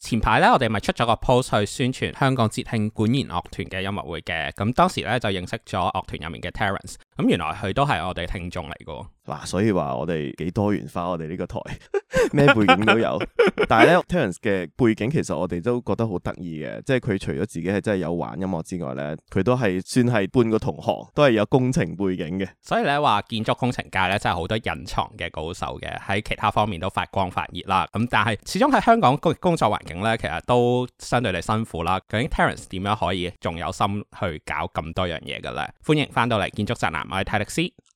前排咧，我哋咪出咗個 post 去宣傳香港節慶管弦樂團嘅音樂會嘅，咁當時咧就認識咗樂團入面嘅 Terrence，咁原來佢都係我哋聽眾嚟嘅。嗱，所以話我哋幾多元化，我哋呢個台咩 背景都有。 但係咧，Terence 嘅背景其實我哋都覺得好得意嘅，即係佢除咗自己係真係有玩音樂之外咧，佢都係算係半個同行，都係有工程背景嘅。所以咧，話建築工程界咧真係好多隱藏嘅高手嘅，喺其他方面都發光發熱啦。咁但係始終喺香港工工作環境咧，其實都相對嚟辛苦啦。究竟 Terence 點樣可以仲有心去搞咁多樣嘢嘅咧？歡迎翻到嚟建築宅男，我係泰力斯。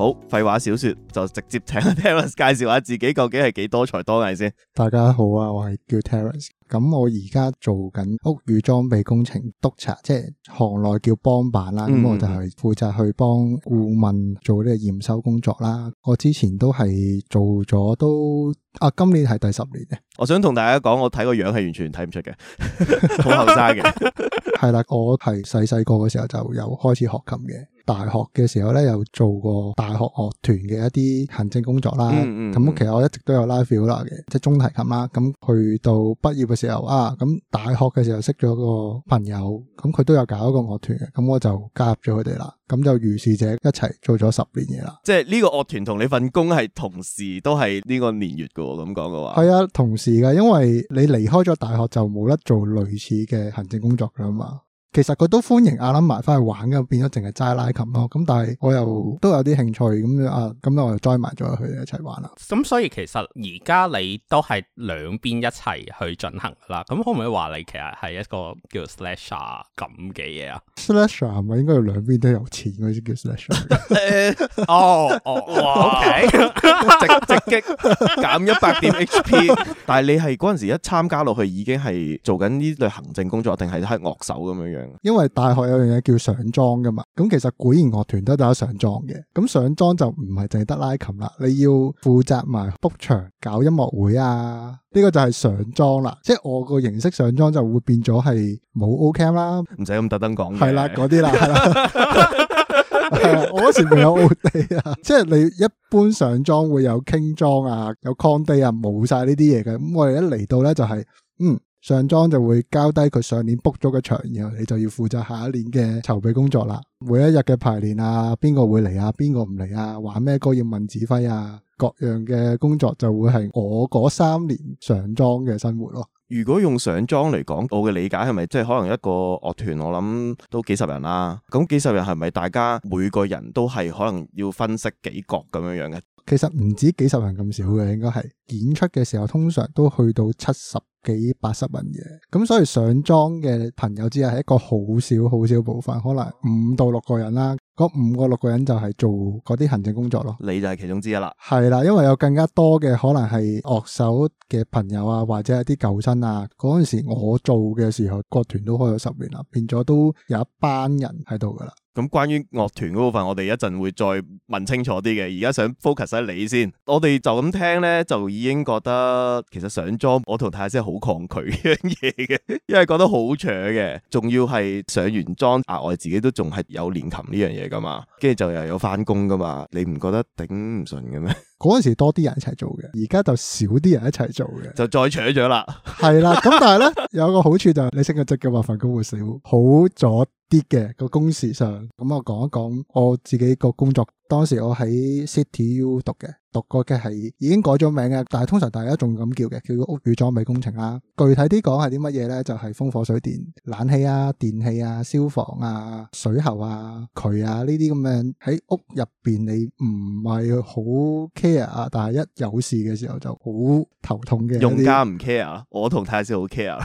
好，廢話少説，就直接請 Terrence 介紹下自己究竟係幾多才多藝先。大家好啊，我係叫 Terrence。咁我而家做緊屋宇裝備工程督察，Doctor, 即係行內叫幫辦啦。咁我就係負責去幫顧問做呢個驗收工作啦。我之前都係做咗都啊，今年係第十年啊。我想同大家講，我睇個樣係完全睇唔出嘅，好後生嘅。係啦，我係細細個嘅時候就有開始學琴嘅。大學嘅時候咧，有做過大學樂團嘅一啲行政工作啦。嗯，嗯，咁其實我一直都有拉 viola 啦嘅，即係中提琴啦。咁去到畢業嘅時候啊，咁大學嘅時候識咗個朋友，咁佢都有搞一個樂團嘅，咁我就加入咗佢哋啦。咁就如是者一齊做咗十年嘢啦。即係呢個樂團同你份工係同時都係呢個年月嘅喎，咁講嘅話。係啊，同時噶因為你離開咗大學就冇得做類似嘅行政工作噶嘛。其實佢都歡迎阿林埋翻去玩噶，變咗淨係齋拉琴咯。咁但係我又都有啲興趣咁啊，咁我又 join 埋咗去一齊玩啦。咁所以其實而家你都係兩邊一齊去進行啦。咁可唔可以話你其實係一個叫做 slasher 咁嘅嘢啊？slasher 係咪應該要兩邊都有錢嗰啲叫 slasher？誒，哦 okay 直直擊減 P, 一百點 HP。但係你係嗰陣時一參加落去已經係做緊呢類行政工作，定係喺樂手咁樣樣？因為大學有樣嘢叫上莊㗎嘛，咁其實管弦樂團都得上莊嘅，咁上莊就唔係淨係得拉琴啦，你要負責埋 book 場、搞音樂會啊，呢、這個就係上莊啦，即係我個形式上莊就會變咗係冇 Ocamp 啦，唔使咁特登講，係啦嗰啲啦，我嗰時仲有 O Day 啊，即係你一般上莊會有傾莊啊，有 Cond 啊，冇晒呢啲嘢嘅，咁我哋一嚟到咧就係、是、嗯。上莊就會交低佢上年 book 咗嘅場，然後你就要負責下一年嘅籌備工作啦。每一日嘅排練啊，邊個會嚟啊，邊個唔嚟啊，玩咩歌要問指揮啊，各樣嘅工作就會係我嗰三年上莊嘅生活咯。如果用上莊嚟講，我嘅理解係咪即係可能一個樂團，我諗都幾十人啦。咁幾十人係咪大家每個人都係可能要分析幾角咁樣樣嘅？其實唔止幾十人咁少嘅，應該係演出嘅時候通常都去到七十。幾八十人嘅，咁所以上莊嘅朋友只係一個好少好少部分，可能五到六個人啦。嗰五個六個人就係做嗰啲行政工作咯，你就係其中之一啦。係啦，因為有更加多嘅可能係樂手嘅朋友啊，或者係啲舊生啊。嗰陣時我做嘅時候，樂團都開咗十年啦，變咗都有一班人喺度噶啦。咁關於樂團嗰部分，我哋一陣會,會再問清楚啲嘅。而家想 focus 喺你先，我哋就咁聽咧，就已經覺得其實上莊我同太太先好抗拒呢樣嘢嘅，因為覺得好扯嘅，仲要係上完莊，額外自己都仲係有練琴呢樣嘢。噶嘛，跟住就又有返工噶嘛，你唔覺得頂唔順嘅咩？嗰陣時多啲人一齊做嘅，而家就少啲人一齊做嘅，就再扯咗啦。係啦，咁但係咧有個好處就係你升個職嘅話，份工會少好咗啲嘅個工時上。咁我講一講我自己個工作，當時我喺 City U 讀嘅，讀過嘅係已經改咗名嘅，但係通常大家仲咁叫嘅，叫屋宇裝備工程啦。具體啲講係啲乜嘢咧？就係風火水電、冷氣啊、電器啊、消防啊、水喉啊、渠啊呢啲咁樣喺屋入邊，你唔係好～care 啊，但係一有事嘅時候就好頭痛嘅。用家唔 care，我同太詩好 care。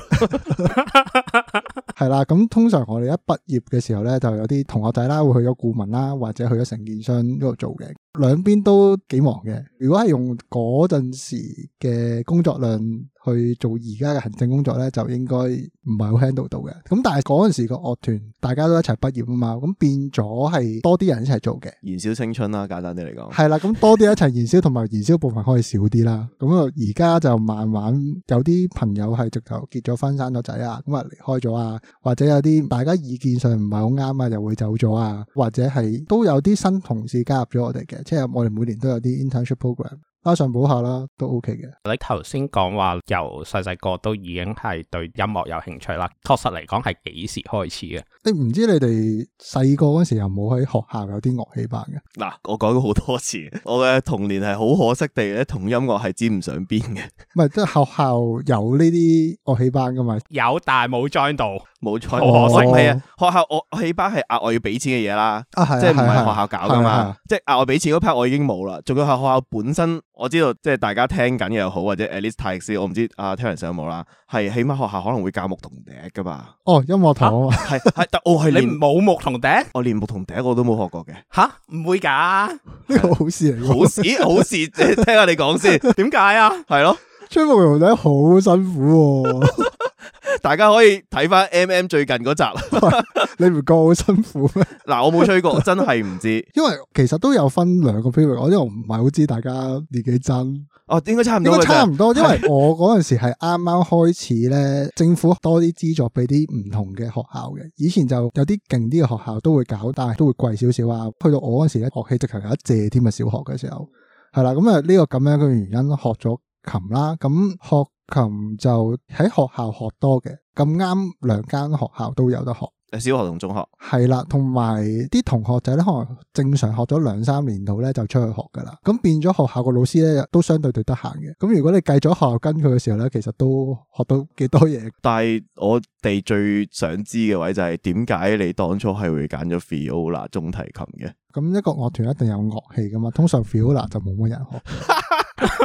係啦，咁通常我哋一畢業嘅時候咧，就有啲同學仔啦，會去咗顧問啦，或者去咗承建商嗰度做嘅，兩邊都幾忙嘅。如果係用嗰陣時嘅工作量。去做而家嘅行政工作咧，就應該唔係好 handle 到嘅。咁但係嗰陣時個樂團，大家都一齊畢業啊嘛，咁變咗係多啲人一齊做嘅，燃燒青春啦，啊，簡單啲嚟講。係啦，咁多啲一齊燃燒，同埋 燃燒部分可以少啲啦。咁啊，而家就慢慢有啲朋友係直頭結咗婚，生咗仔啊，咁啊離開咗啊，或者有啲大家意見上唔係好啱啊，就會走咗啊，或者係都有啲新同事加入咗我哋嘅，即係我哋每年都有啲 internship program。加上補下啦，都 OK 嘅。你頭先講話由細細個都已經係對音樂有興趣啦，確實嚟講係幾時開始嘅？你唔知你哋細個嗰時有冇喺學校有啲樂器班嘅？嗱、啊，我講咗好多次，我嘅童年係好可惜地咧，同音樂係沾唔上邊嘅。唔係， 即係學校有呢啲樂器班噶嘛？有，但係冇 join 到。冇錯，唔係啊，學校我起碼係額外要俾錢嘅嘢啦，即係唔係學校搞噶嘛，即係額外俾錢嗰 part 我已經冇啦。仲有係學校本身，我知道即係大家聽緊嘅又好，或者 At least Terrence，我唔知啊，聽人上有冇啦。係起碼學校可能會教牧童笛噶嘛。哦，音樂堂係係，但係我係連冇牧童笛，我連牧童笛我都冇學過嘅。吓，唔會噶？好事，嚟好事，好事，聽下你講先。點解啊？係咯，吹牧童笛好辛苦。大家可以睇翻 M M 最近嗰集 ，你唔覺好辛苦咩？嗱， 我冇吹過，真係唔知， 因為其實都有分兩個 period，我呢度唔係好知大家年紀真哦，應該差唔多，多，差唔多，是因為我嗰陣時係啱啱開始咧， 政府多啲資助俾啲唔同嘅學校嘅，以前就有啲勁啲嘅學校都會搞，但係都會貴少少啊。去到我嗰時咧，學器直頭有得借添啊，小學嘅時候係啦，咁啊呢個咁樣嘅原因，學咗琴啦，咁學。琴就喺學校學多嘅，咁啱兩間學校都有得學，誒，小學同中學係啦，同埋啲同學仔咧，可能正常學咗兩三年度咧，就出去學噶啦，咁變咗學校個老師咧，都相對對得閒嘅。咁如果你計咗學校跟佢嘅時候咧，其實都學到幾多嘢。但係我哋最想知嘅位就係點解你當初係會揀咗 Viola 中提琴嘅？咁一個樂團一定有樂器噶嘛，通常 Viola 就冇乜人學。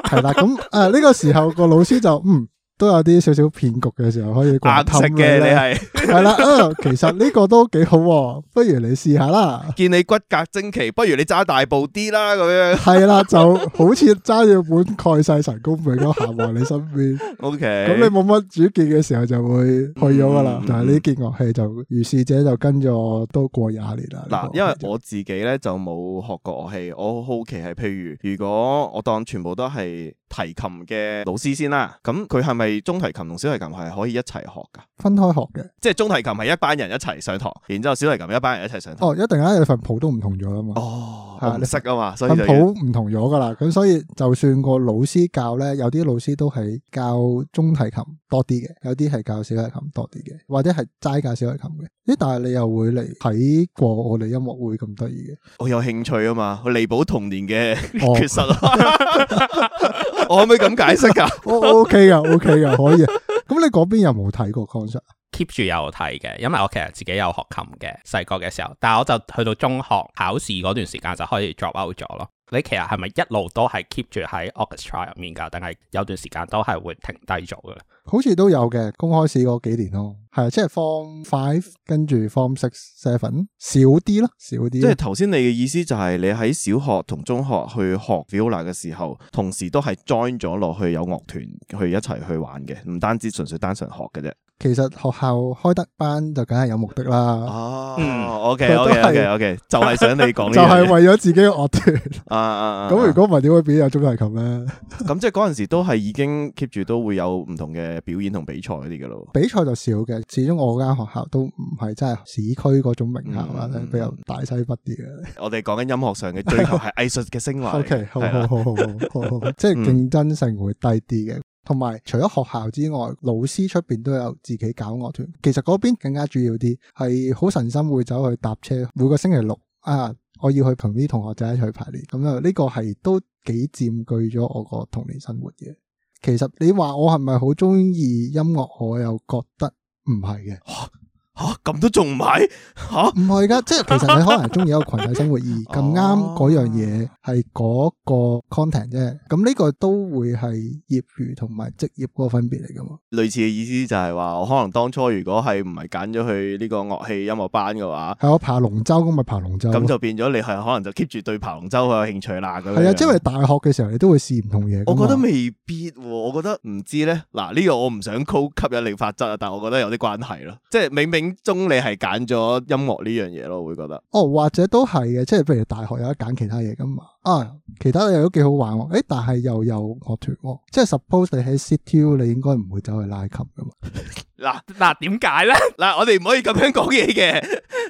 係啦，咁誒呢個時候個老師就嗯。都有啲少少騙局嘅時候，可以怪貪嘅。你係係啦，其實呢個都幾好、啊，不如你試下啦。見你骨骼精奇，不如你揸大步啲啦，咁樣係啦，就好似揸住本蓋世神功，俾我行望你身邊。OK，咁你冇乜主見嘅時候，就會去咗噶啦。嗯、但係呢件樂器就，如是者就跟咗我都過廿年啦。嗱，因為我自己咧就冇學過樂器，我好奇係，譬如如果我當全部都係。提琴嘅老師先啦，咁佢係咪中提琴同小提琴係可以一齊學噶？分開學嘅，即係中提琴係一班人一齊上堂，然之後小提琴一班人一齊上堂。哦，一定有、哦、啊，因份譜都唔同咗啊嘛。哦，係你識啊嘛，所以份譜唔同咗噶啦，咁所以就算個老師教咧， 有啲老師都係教中提琴多啲嘅，有啲係教小提琴多啲嘅，或者係齋教小提琴嘅。咦？但係你又會嚟睇過我哋音樂會咁得意嘅？我有興趣啊嘛，彌補童年嘅缺失咯。哦 我可唔可以咁解釋噶？OK 噶，OK 噶，可以。咁你嗰邊有冇睇過 concert？keep 住有睇嘅，因為我其實自己有學琴嘅，細個嘅時候，但係我就去到中學考試嗰段時間就開始 drop out 咗咯。你其實係咪一路都係 keep 住喺 orchestra 入面噶？定係有段時間都係會停低咗噶？好似都有嘅，公開試嗰幾年咯，係啊，即係 form five 跟住 form six seven 少啲咯，少啲。少即係頭先你嘅意思就係你喺小學同中學去學 viola 嘅時候，同時都係 join 咗落去有樂團去一齊去玩嘅，唔單止純粹單純學嘅啫。其實學校開得班就梗係有目的啦。哦，OK OK OK，okay, okay 就係想你講， 就係為咗自己嘅樂團。 啊啊咁如果唔係點會變成有中提琴咧？咁 即係嗰陣時都係已經 keep 住都會有唔同嘅。 表演同比賽嗰啲嘅咯，比賽就少嘅。始終我間學校都唔係真係市區嗰種名校啦，嗯、比較大西北啲嘅。我哋講緊音樂上嘅，追求係藝術嘅升華。O K，好好好 好好,好,好 即係競爭性會低啲嘅。同埋，除咗學校之外，老師出邊都有自己搞樂團。其實嗰邊更加主要啲，係好神心會走去搭車。每個星期六啊，我要去同啲同學仔一齊去排練。咁啊，呢個係都幾佔據咗我個童年生活嘅。其實你話我係咪好中意音樂？我又覺得唔係嘅。 吓，咁都仲唔係吓，唔係噶，即係其實你可能係中意一個群體生活意義，而咁啱嗰樣嘢係嗰個 content 啫。咁呢個都會係業餘同埋職業嗰個分別嚟噶嘛？類似嘅意思就係話，我可能當初如果係唔係揀咗去呢個樂器音樂班嘅話，係我、啊、爬龍舟咁咪爬龍舟，咁就變咗你係可能就 keep 住對爬龍舟係有興趣啦。咁係啊，樣即因為大學嘅時候你都會試唔同嘢。我覺得未必，樣我覺得唔知咧。嗱呢、呢個我唔想 call 吸引力法則啊，但係我覺得有啲關係咯。即係明明影中你係揀咗音樂呢樣嘢咯，會覺得哦，或者都係嘅，即係譬如大學有得揀其他嘢噶嘛。啊，其他嘢都幾好玩，誒，但係又有樂團，即係 suppose 你喺 CityU，你應該唔會走去拉琴噶嘛？嗱嗱，點解咧？嗱，我哋唔可以咁樣講嘢嘅，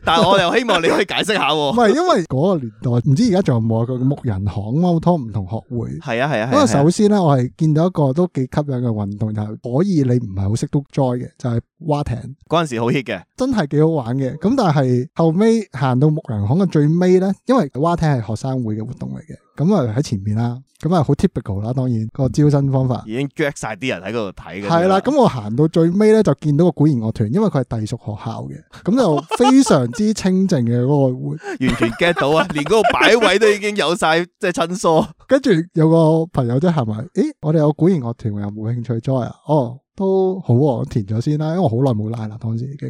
但係我又希望你可以解釋下。唔係，因為嗰個年代，唔知而家仲有冇個木人巷、好多唔同學會？係啊係啊。不過首先咧，我係見到一個都幾吸引嘅運動，就係可以你唔係好識 join 嘅，就係划艇。嗰陣時好 hit 嘅，真係幾好玩嘅。咁但係後尾行到木人巷嘅最尾咧，因為划艇係學生會嘅活動。嘅，咁啊喺前面啦，咁啊好 typical 啦，當然, pical, 當然，那個招生方法已經 get 晒啲人喺嗰度睇嘅係啦，咁、嗯嗯、我行到最尾咧就見到個管弦樂團，因為佢係隸屬學校嘅，咁就非常之清靜嘅嗰個會， 完全 get 到啊，連嗰個擺位都已經有晒即係親疏，跟住 有個朋友即係話，誒，我哋有管弦樂團又冇興趣 join 啊， 哦，都好，我填咗先啦，因為我好耐冇拉啦，當時已經。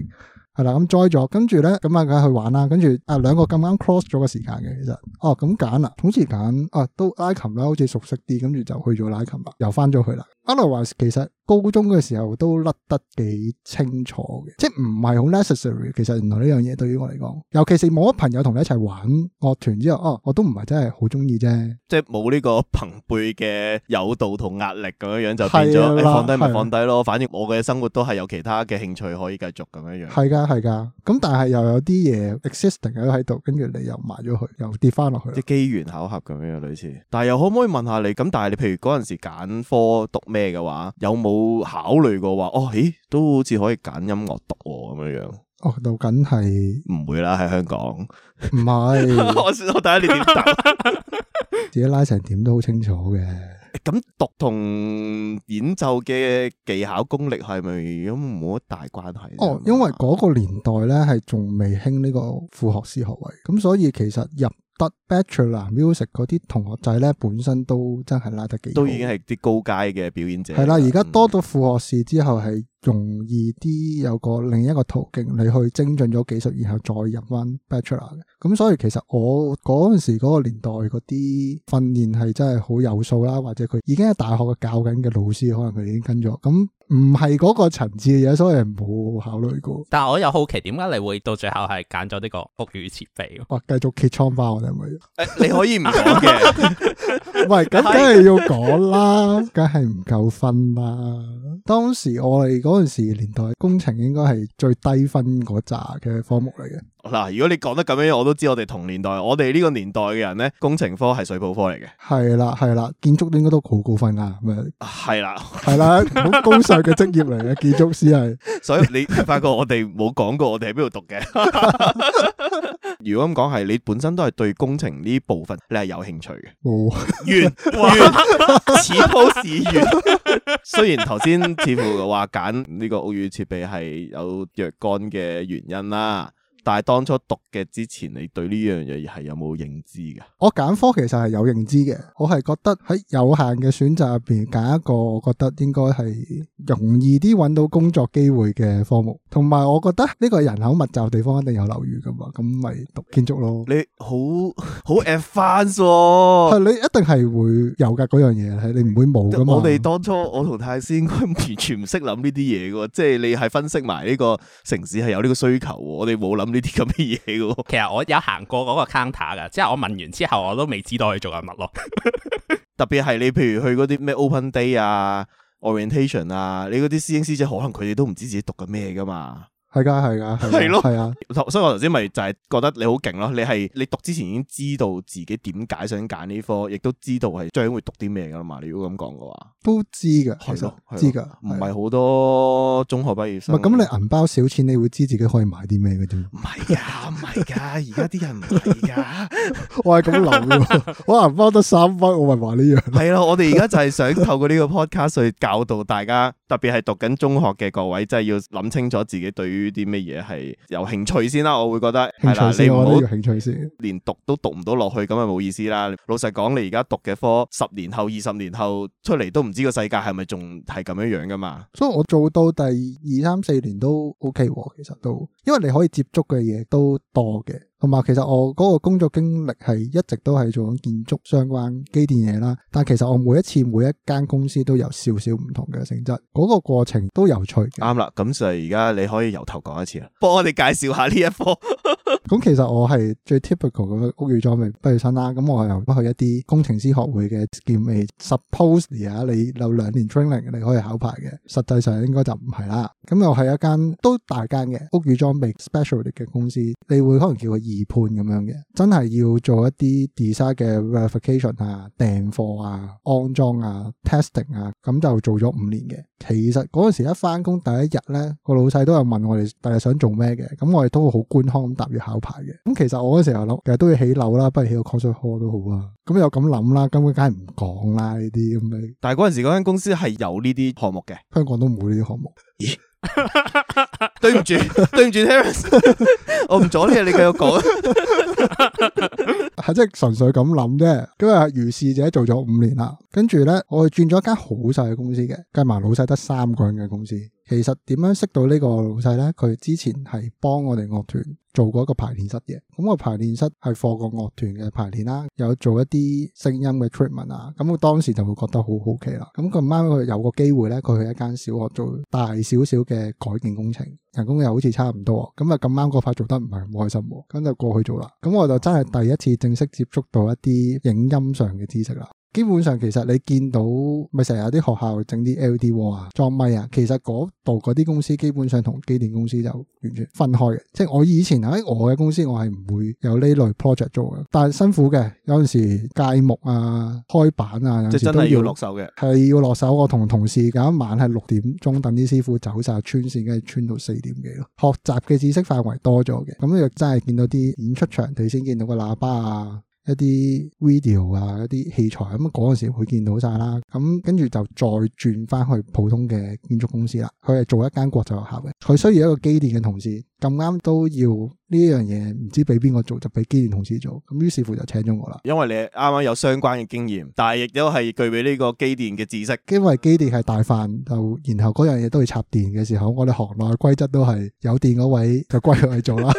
係啦，咁栽咗，跟住咧，咁啊，梗去玩啦，跟住啊，兩個咁啱 cross 咗個時間嘅，其實，哦，咁揀啦，好似揀啊，都 Icon 啦，好似熟悉啲，跟住就去咗 Icon 啦，又翻咗去啦。Otherwise，其實。高中嘅時候都甩得幾清楚嘅，即係唔係好 necessary。其實原來呢樣嘢對於我嚟講，尤其是冇咗朋友同你一齊玩樂團之後，哦，我都唔係真係好中意啫。即係冇呢個朋輩嘅誘導同壓力咁樣樣，就變咗你、哎、放低咪放低咯。的反正我嘅生活都係有其他嘅興趣可以繼續咁樣樣。係㗎，係㗎。咁但係又有啲嘢 existing 喺度，跟住你又埋咗佢，又跌翻落去。即係機緣巧合咁樣樣類似。但係又可唔可以問下你？咁但係你譬如嗰陣時揀科讀咩嘅話，有冇？都考慮過話哦，咦，都好似可以揀音樂讀咁樣樣哦，就梗係唔會啦，喺香港唔係，我我睇下你點答，自己拉成點都好清楚嘅。咁讀同演奏嘅技巧功力係咪咁冇乜大關係？哦，因為嗰個年代咧係仲未興呢個副學士學位，咁所以其實入。得 bachelor music 嗰啲同學仔咧，本身都真係拉得幾好，都已經係啲高階嘅表演者。係啦的，而家多咗副學士之後係容易啲，有個另一個途徑，你去精進咗技術，然後再入翻 bachelor 嘅。咁所以其實我嗰陣時嗰個年代嗰啲訓練係真係好有數啦，或者佢已經喺大學嘅教緊嘅老師，可能佢已經跟咗咁。唔係嗰個層次嘅嘢，所以冇考慮過。但係我又好奇，點解你會到最後係揀咗呢個屋宇設備？哇，繼續揭瘡包。我哋係咪？你可以唔講嘅。唔係，咁梗係要講啦，梗係唔夠分啦。當時我哋嗰陣時年代工程應該係最低分嗰扎嘅科目嚟嘅。嗱，如果你講得咁樣，我都知我哋同年代，我哋呢個年代嘅人咧，工程科係水泡科嚟嘅。係啦，係啦，建築都應該都好高分噶。咁樣係啦，係啦，好高嘅職業嚟嘅建築師係，所以你發覺我哋冇講過我哋喺邊度讀嘅。 如果咁講，係你本身都係對工程呢部分你係有興趣嘅。冇、哦， 遠完遠， 此好，是遠。雖然頭先似乎話揀呢個屋宇設備係有若干嘅原因啦。但係當初讀嘅之前，你對呢樣嘢，係有冇認知嘅？我揀科其實係有認知嘅，我係覺得喺有限嘅選擇入邊揀一個，我覺得應該係容易啲揾到工作機會嘅科目。同埋，我覺得呢個人口密集地方一定有樓宇噶嘛，咁咪讀建築咯。你好好 advanced 係你一定係會有噶嗰樣嘢，係你唔會冇噶嘛。我哋當初我同泰斯應該完全唔識諗呢啲嘢噶，即係你係分析埋呢個城市係有呢個需求，我哋冇諗。呢啲咁嘅嘢其實我有行過嗰個 counter 㗎，即係我問完之後我都未知道佢做緊乜咯。特別係你譬如去嗰啲咩 open day 啊、orientation 啊，你嗰啲師兄師姐可能佢哋都唔知自己讀緊咩㗎嘛。係噶，係噶，係咯，係啊，的的所以我頭先咪就係覺得你好勁咯，你係你讀之前已經知道自己點解想揀呢科，亦都知道係將會讀啲咩噶啦嘛。你如果咁講嘅話，都知嘅，係咯，知噶，唔係好多中學畢業生。咁，你銀包少錢，你會知自己可以買啲咩嘅啫？唔係噶，唔係噶，而家啲人唔係噶。我係咁諗，我銀包得三分，我咪話呢樣。係咯，我哋而家就係想透過呢個 podcast 去教導大家，特別係讀緊中學嘅各位，真係要諗清楚自己對於於啲咩嘢係有興趣先啦，我會覺得係啦，你有興趣先，連讀都讀唔到落去，咁咪冇意思啦。老實講，你而家讀嘅科，十年後、二十年後出嚟都唔知個世界係咪仲係咁樣樣噶嘛？ 所以我做到第二三四年都 OK 啊，其實都因為你可以接觸嘅嘢都多嘅。同埋，其實我嗰個工作經歷係一直都係做緊建築相關機電嘢啦。但係其實我每一次每一間公司都有少少唔同嘅性質，嗰、嗰個過程都有趣。啱啦，咁就係而家你可以由頭講一次啦，幫我哋介紹下呢一科。咁 其實我係最 typical 嘅屋宇裝備畢業生啦。咁我由去一啲工程師學會嘅建築。Suppose 啊，你有兩年 training 你可以考牌嘅，實際上應該就唔係啦。咁又係一間都大間嘅屋宇裝備 specialty 嘅公司，你會可能叫佢。二判咁樣嘅，真係要做一啲 design 嘅 verification 啊、訂貨啊、安裝啊、testing 啊，咁就做咗五年嘅。其實嗰陣時一翻工第一日咧，個老細都有問我哋第日想做咩嘅，咁我哋都好官腔咁答住考牌嘅。咁其實我嗰陣時又諗，其實都要起樓啦，不如起個 concert hall 都好啊。咁又咁諗啦，根本梗係唔講啦呢啲咁樣。但係嗰陣時嗰間公司係有呢啲項目嘅，香港都冇呢啲項目。咦？ 對唔住，對唔住，Terrence，我唔阻你呀，你繼，你繼續講。係即係純粹咁諗啫。咁啊，如是者做咗五年啦，跟住咧，我係轉咗一間好細嘅公司嘅，計埋老細得三個人嘅公司。其實點樣識到呢個老細呢？佢之前係幫我哋樂團做過一個排練室嘅。咁個排練室係放個樂團嘅排練啦，有做一啲聲音嘅 treatment 啊，咁我當時就會覺得好好奇啦。咁咁啱佢有個機會呢，佢去一間小學做大少少嘅改建工程，人工又好似差唔多，咁啊咁啱嗰塊做得唔係咁開心喎，咁就過去做啦。咁我就真係第一次正式接觸到一啲影音上嘅知識啦。基本上其實，你見到咪成日有啲學校整啲 LED 喎，啊，裝咪啊，其實嗰度嗰啲公司基本上同機電公司就完全分開嘅。即係我以前喺、啊、我嘅公司，我係唔會有呢類 project 做嘅。但係辛苦嘅，有陣時街木啊、開板啊，有時都要落手嘅。係要落手，我同同事搞一晚係六點鐘等啲師傅走晒穿線，跟住穿到四點幾。學習嘅知識範圍多咗嘅，咁你又真係見到啲演出場，你先見到個喇叭啊。一啲 video 啊，一啲器材，咁嗰陣時會見到晒啦。咁跟住就再轉翻去普通嘅建築公司啦。佢係做一間國際學校嘅，佢需要一個機電嘅同事，咁啱都要。呢樣嘢唔知俾邊個做，就俾機電同事做。咁於是乎就請咗我啦，因為你啱啱有相關嘅經驗，但係亦都係具備呢個機電嘅知識，因為機電係大範，就 然後嗰樣嘢都要插電嘅時候，我哋行內規則都係有電嗰位就是、歸佢去做啦。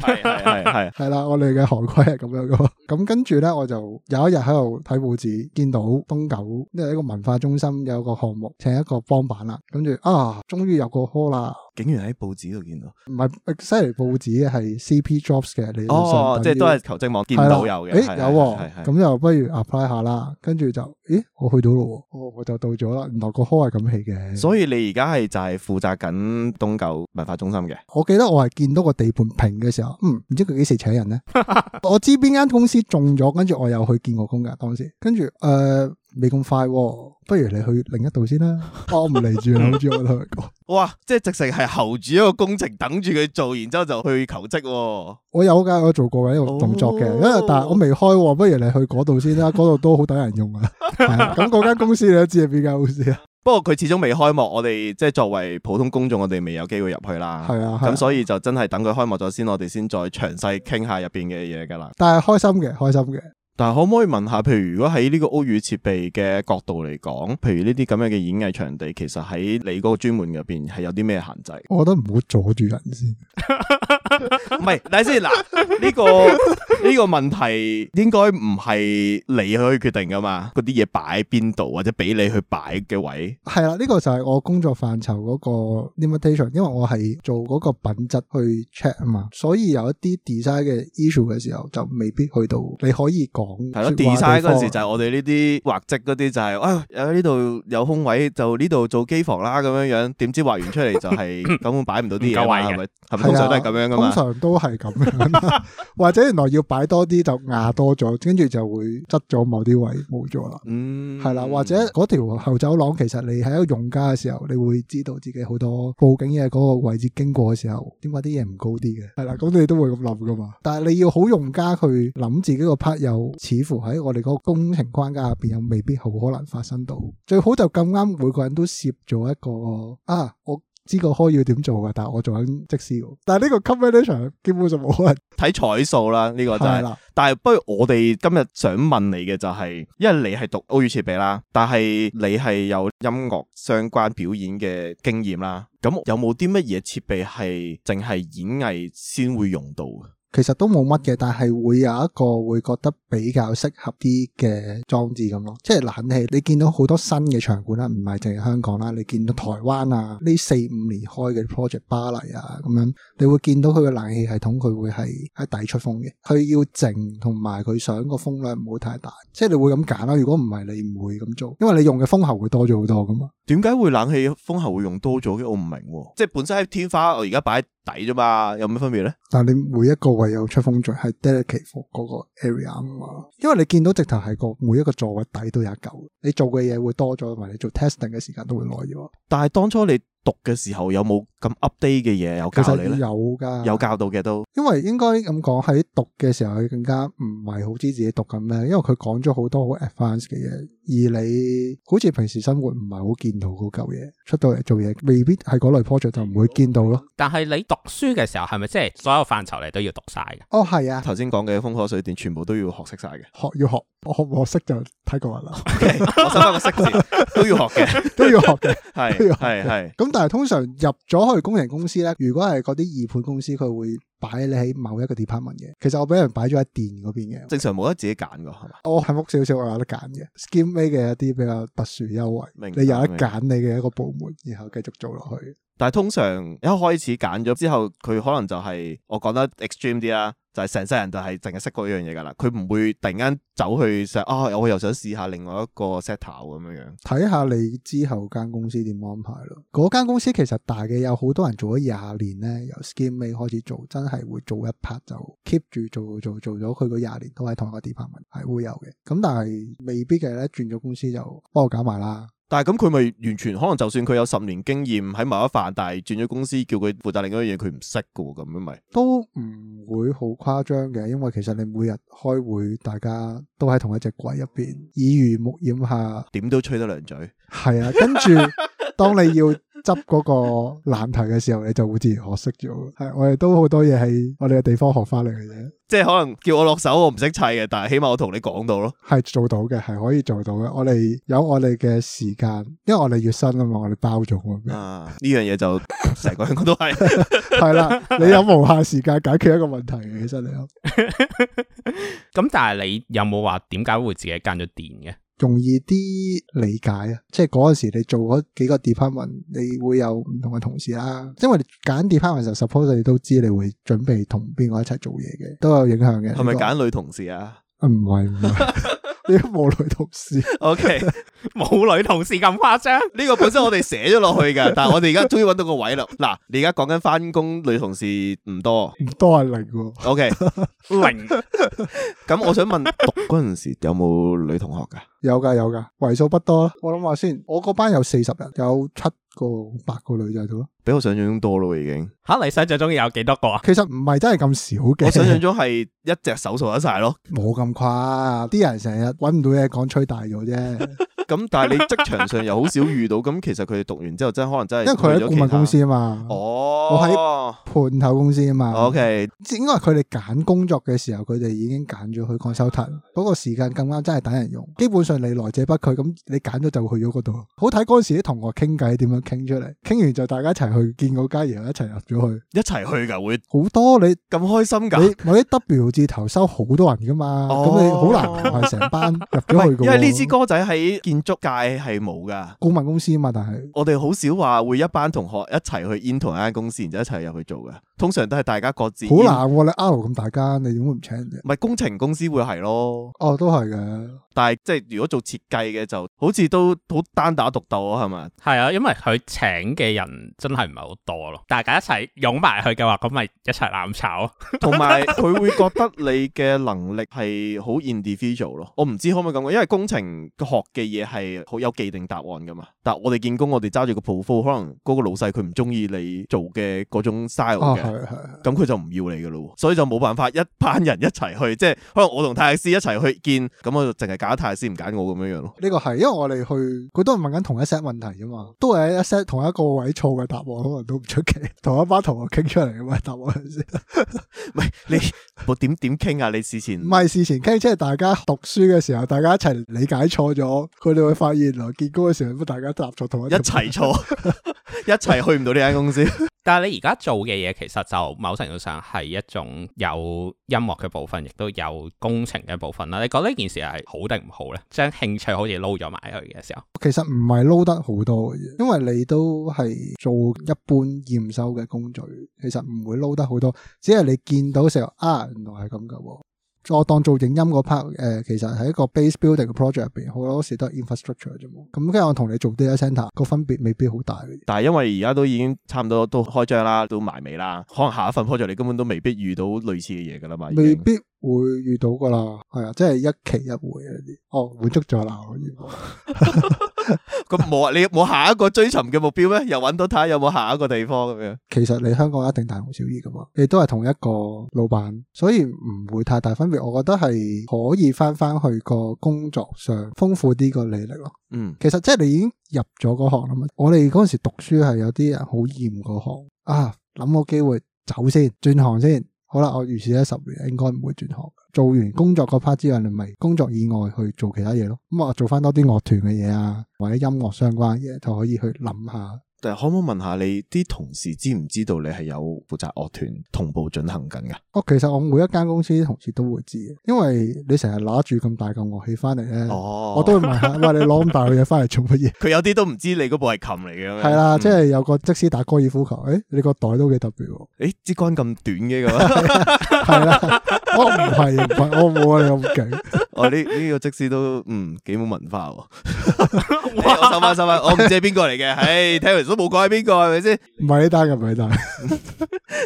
係係係係啦，我哋嘅行規係咁樣噶。咁跟住咧，我就有一日喺度睇報紙，見到東九因為呢一個文化中心有個項目，請一個幫辦啦。跟住啊，終於有個科啦。竟然喺報紙度見到，唔係西麗報紙嘅係 CP Jobs 嘅你東信，哦，於即係都係求職網見到有嘅，誒有，咁又不如 apply 下啦，跟住就，咦，我去到咯，哦，我就到咗啦，原來個 call 係咁起嘅，所以你而家係就係負責緊東九文化中心嘅，我記得我係見到個地盤平嘅時候，嗯，唔知佢幾時請人咧， 我知邊間公司中咗，跟住我又去見過工㗎，當時，跟住誒。呃未咁快，不如你去另一度先啦。我唔嚟住，諗住我同佢講。哇，即係直情係猴住一個工程，等住佢做，然之後就去求職。我有間我做過一個動作嘅，因為但係我未開，不如你去嗰度先啦。嗰度都好等人用啊。咁嗰間公司你都知係邊間公司啊。不過佢始終未開幕，我哋即係作為普通公眾，我哋未有機會入去啦。係啊，咁所以就真係等佢開幕咗先，我哋先再詳細傾下入邊嘅嘢噶啦。但係開心嘅，開心嘅。但係可唔可以問下，譬如如果喺呢個屋宇設備嘅角度嚟講，譬如呢啲咁樣嘅演藝場地，其實喺你嗰個專門入邊係有啲咩限制？我覺得唔好阻住人先。 唔係，但先嗱，呢個呢個問題應該唔係你去決定噶嘛，嗰啲嘢擺邊度或者俾你去擺嘅位係啦，呢個就係我工作範疇嗰個 limitation，因為我係做嗰個品質去 check 啊嘛，所以有一啲 design 嘅 issue 嘅時候就未必去到，你可以講係咯，design 嗰陣時就係我哋呢啲畫則嗰啲就係、是，啊有呢度有空位就呢度做機房啦咁樣樣，點知畫完出嚟就係根本擺唔到啲嘢，係咪係咪通常都係咁樣噶？通常都係咁樣， 或者原來要擺多啲就壓多咗，跟住就會執咗某啲位冇咗啦。嗯，係啦，或者嗰條後走廊，其實你喺一個用家嘅時候，你會知道自己好多報警嘅嗰個位置經過嘅時候，點解啲嘢唔高啲嘅？係啦，咁你都會咁諗噶嘛。但係你要好用家去諗自己個 part，又似乎喺我哋嗰個工程框架入邊，又未必好可能發生到。最好就咁啱，每個人都攝咗一個啊我。知、這個開要點做噶，是的 但係我做緊即師喎。但係呢個 communication 根本就冇可能。睇彩數啦，呢個就係。但係不如我哋今日想問你嘅就係，是，因為你係讀屋宇設備啦，但係你係有音樂相關表演嘅經驗啦。咁有冇啲乜嘢設備係淨係演藝先會用到？其實都冇乜嘅，但係會有一個會覺得比較適合啲嘅裝置咁咯。即係冷氣，你見到好多新嘅場館啦，唔係淨係香港啦，你見到台灣啊呢四五年開嘅 project 巴黎啊咁樣，你會見到佢嘅冷氣系統佢會係喺底出風嘅，佢要靜同埋佢想個風量唔會太大。即係你會咁揀啦。如果唔係，你唔會咁做，因為你用嘅風喉會多咗好多噶嘛。點解會冷氣風喉會用多咗嘅？我唔明喎。即係本身喺天花，我而家擺。底啫嘛，有咩分別咧？但係你每一個位有出風嘴係 delicate for 嗰個 area 啊嘛。因為你見到直頭係個每一個座位底都有一舊，你做嘅嘢會多咗，同埋你做 testing 嘅時間都會耐咗。但係當初你，讀嘅時候有冇咁 update 嘅嘢有教你咧？有噶，有教到嘅都。因為應該咁講喺讀嘅時候，佢更加唔係好知自己讀緊咩，因為佢講咗好多好 advanced 嘅嘢，而你好似平時生活唔係好見到嗰嚿嘢，出到嚟做嘢未必係嗰類 project 就唔會見到咯。但係你讀書嘅時候，係咪即係所有範疇你都要讀晒嘅？哦，係啊。頭先講嘅風火水電全部都要學識晒嘅。學要學，我學唔學識就睇個人啦。 okay, 我收翻個識字都要學嘅，都要學嘅。係係係。咁但但係通常入咗去工程公司咧，如果係嗰啲二判公司，佢會擺你喺某一個 department 嘅，其實我俾人擺咗喺電嗰邊嘅。正常冇得自己揀噶係嘛？我係福少少，我有得揀嘅。Scheme A 嘅一啲比較特殊優惠，白你有得揀你嘅一個部門，白然後繼續做落去。但係通常一開始揀咗之後，佢可能就係、是、我講得 extreme 啲啦，就係成世人就係淨係識嗰樣嘢噶啦。佢唔會突然間走去想，哦，我又想試下另外一個 set 頭咁樣樣。睇下你之後間公司點安排咯。嗰間公司其實大嘅，有好多人做咗廿年咧，由 Scheme A 開始做，真。係會做一 part，就 keep 住做做做咗佢嗰廿年都係同一個 department 係會有嘅，咁但係未必嘅咧，轉咗公司就幫我搞埋啦。但係咁佢咪完全可能就算佢有十年經驗喺某一方面，但係轉咗公司叫佢負責另一樣嘢，佢唔識嘅喎，咁樣咪都唔會好誇張嘅，因為其實你每日開會，大家都喺同一隻櫃入邊，耳濡目染下，點都吹得兩嘴。係 啊，跟住當你要。 執嗰個難題嘅時候，你就會自然學識咗。係，我哋都好多嘢係我哋嘅地方學翻嚟嘅啫。即係可能叫我落手，我唔識砌嘅，但係起碼我同你講到咯，係做到嘅，係可以做到嘅。我哋有我哋嘅時間，因為我哋月薪啊嘛，我哋包咗啊。呢樣嘢就成個香港都係係啦。你有無限時間解決一個問題嘅，其實你有。咁， 但係你有冇話點解會自己間咗電嘅？.容易啲理解啊！即係嗰時你做嗰幾個 department，你會有唔同嘅同事啦、啊。因為你揀 department 就 suppose 你都知你會準備同邊個一齊做嘢嘅，都有影響嘅。係咪揀女同事啊？唔係、啊、唔係。 呢個冇女同事，OK，冇女同事咁誇張。呢個本身我哋寫咗落去嘅，但係我哋而家終於揾到個位啦。嗱，你而家講緊返工女同事唔多，唔多係零，OK，零。咁我想問，讀嗰陣時有冇女同學噶？有噶有噶，為數不多。我諗下先，我個班有四十人，有七個、八個女仔㗎喎，比我想象中多咯已經。吓，你想象中有幾多個啊？其實唔係真係咁少嘅，我想象中係一隻手數得晒咯，冇咁誇張。啲人成日。搵唔到嘢講，吹大咗啫。咁 但係你職場上又好少遇到，咁其實佢哋讀完之後真係可能真係。因為佢喺顧問公司啊嘛，哦，我喺盤頭公司啊嘛。O K，應該係佢哋揀工作嘅時候，佢哋已經揀咗去廣州塔。嗰、那個時間咁啱，真係等人用。基本上你來者不拒，咁你揀咗就去咗嗰度。好睇嗰時啲同學傾偈點樣傾出嚟，傾完就大家一齊去見嗰家，然後一齊入咗去。一齊去噶會好多，你咁開心噶。你某啲 W 字頭收好多人噶嘛，咁、哦、你好難係成班。 因為呢支歌仔喺建築界係冇噶，顧問公，公司啊嘛，但係我哋好少話會一班同學一齊去 in 同一間公司，然之後一齊入去做嘅。通常都係大家各自好難喎、哦，你 L 咁大間，你點解唔請人？唔係工程公司會係咯，哦，都係嘅。但係即係如果做設計嘅，就好似都好單打獨鬥啊，係咪？係啊，因為佢請嘅人真係唔係好多咯。大家一齊擁埋佢嘅話，咁咪一齊攬炒。同埋佢會覺得你嘅能力係好 individual 咯。我唔知可唔可以咁講，因為工程學嘅嘢係好有既定答案噶嘛。但我哋建工，我哋揸住個 proposal 可能嗰個老細佢唔中意你做嘅嗰種 style 嘅、哦。係係，咁佢就唔要你噶咯，所以就冇辦法一班人一齊去，即係可能我同 Terrence 一齊去見，咁我就淨係揀 Terrence，唔揀我咁樣樣咯。呢個係因為我哋去，佢都係問緊同一 set 問題啫嘛，都係一 set 同一個位錯嘅答案，可能都唔出奇。同一班同學傾出嚟嘅嘛答案， 唔係你我點點傾啊？你事前唔係 事前傾，即係大家讀書嘅時候，大家一齊理解錯咗，佢哋會發現，來見工嘅時候，都大家答錯同一,一起， 一齊錯，一齊去唔到呢間公司。 但係你而家做嘅嘢，其實就某程度上係一種有音樂嘅部分，亦都有工程嘅部分啦。你覺得呢件事係好定唔好咧？將興趣好似撈咗埋去嘅時候，其實唔係撈得好多嘅。因為你都係做一般驗收嘅工序，其實唔會撈得好多。只係你見到時候啊，原來係咁噶。我當做影音嗰 part，誒，其實係一個 base building 嘅 project 入邊，好多時都係 infrastructure 啫，咁跟住我同你做 data center，個分別未必好大嘅。但係因為而家都已經差唔多都開張啦，都埋尾啦，可能下一份 project 你根本都未必遇到類似嘅嘢噶啦嘛。未必。會遇到噶啦，係啊，即係一期一會嗰啲，哦，滿足咗啦。咁冇啊，你冇下一個追尋嘅目標咩？又搵到睇下有冇下一個地方咁樣？其實你香港一定大同小異噶嘛，你都係同一個老闆，所以唔會太大分別。我覺得係可以翻翻去個工作上豐富啲個履歷咯。嗯，其實即係你已經入咗嗰行啦嘛。我哋嗰陣時讀書係有啲人好厭嗰行啊，諗個機會先走先，轉行先。好啦，我預示呢十年應該唔會轉行，做完工作嗰 part 之後，你咪工作以外去做其他嘢咯。咁、嗯、我做返多啲樂團嘅嘢啊，或者音樂相關嘅嘢就可以去諗下。但可唔可以問下你啲同事知唔知道你係有負責樂團同步進行緊嘅？我其實我每一間公司啲同事都會知嘅，因為你成日攞住咁大個樂器翻嚟咧。哦，我都會問下，喂，你攞咁大嘅嘢翻嚟做乜嘢？佢有啲都唔知你嗰部係琴嚟嘅。係啦，即係有個職司打高爾夫球，誒你個袋都幾特別喎。誒支杆咁短嘅咁，係啦，我唔係，我冇啊，咁勁。我呢呢個職司都嗯幾冇文化喎。收翻收翻，我唔知係邊個嚟嘅，唉都冇講邊個係咪先？唔係呢單嘅唔係單，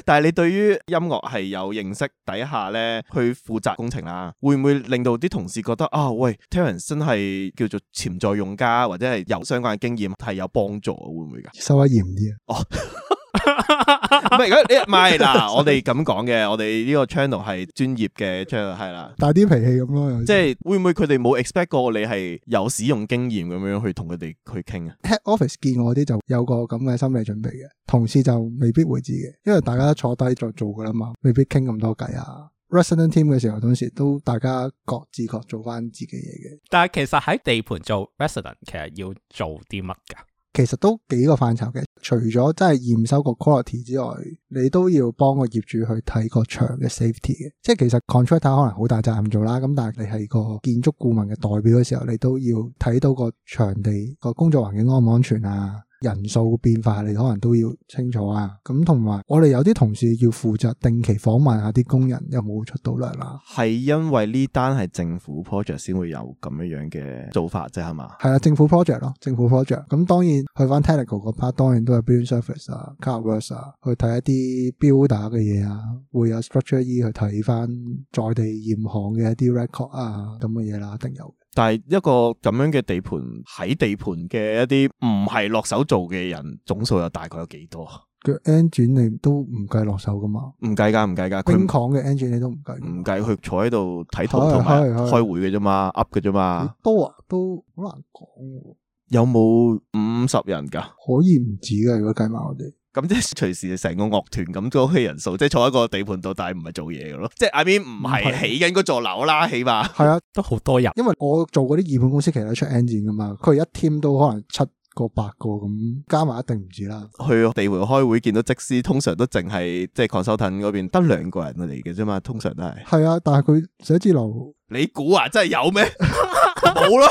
但係你對於音樂係有認識底下咧，去負責工程啦，會唔會令到啲同事覺得啊、哦？喂，Terrence 真係叫做潛在用家或者係有相關嘅經驗係有幫助，會唔會噶？收得嚴啲啊！哦。唔係，你唔係嗱，我哋咁講嘅，我哋呢個 channel 係專業嘅 channel 係啦，大啲 脾氣咁咯，即係會唔會佢哋冇 expect 過你係有使用經驗咁樣去同佢哋去傾啊？Head office 見我啲就有個咁嘅心理準備嘅，同事就未必會知嘅，因爲大家都坐低就做噶啦嘛，未必傾咁多計啊。Resident team 嘅時候，同事都大家各自各做翻自己嘢嘅。但係其實喺地盤做 resident 其實要做啲乜噶？其實都幾個範疇嘅，除咗真係驗收個 quality 之外，你都要幫個業主去睇個場嘅 safety 嘅，即係其實 contractor 可能好大責任做啦，咁但係你係個建築顧問嘅代表嘅時候，你都要睇到個場地、個工作環境安唔安全啊。人數變化，你可能都要清楚啊。咁同埋，我哋有啲同事要負責定期訪問下啲工人有冇出到糧啦。係因為呢單係政府 project 先會有咁樣樣嘅做法啫，係嘛？係啊，政府 project 咯，政府 project。咁、嗯、當然去翻 technical 嗰 part，當然都係 building service 啊，carver 啊，去睇一啲 build 打嘅嘢啊，會有 structure e 去睇翻在地驗行嘅一啲 record 啊，咁嘅嘢啦，一定有。但係一個咁樣嘅地盤，喺地盤嘅一啲唔係落手做嘅人總數有大概有幾多？個 engine 你都唔計落手噶嘛？唔計噶，唔計噶。兵廠嘅 engine 你都唔計？唔計，佢坐喺度睇圖同埋開會嘅啫嘛，噏嘅啫嘛。多啊，都好難講，啊。有冇五十人噶？可以唔止噶，如果計埋我哋。咁即係隨時成個樂團咁嗰批人數，即係坐一個地盤度，但係唔係做嘢嘅咯。即係 Ivan 唔係起緊嗰座樓啦，起碼係、嗯、啊，都好多人。因為我做嗰啲二本公司，其實出 engine 噶嘛，佢一 team 都可能七個八個咁加埋，一定唔止啦。去地盤開會見到，即係通常都淨係即係 consultant 嗰邊得兩個人嚟嘅啫嘛，通常都係。係啊，但係佢寫字樓。你估啊，真係有咩？冇 咯有了，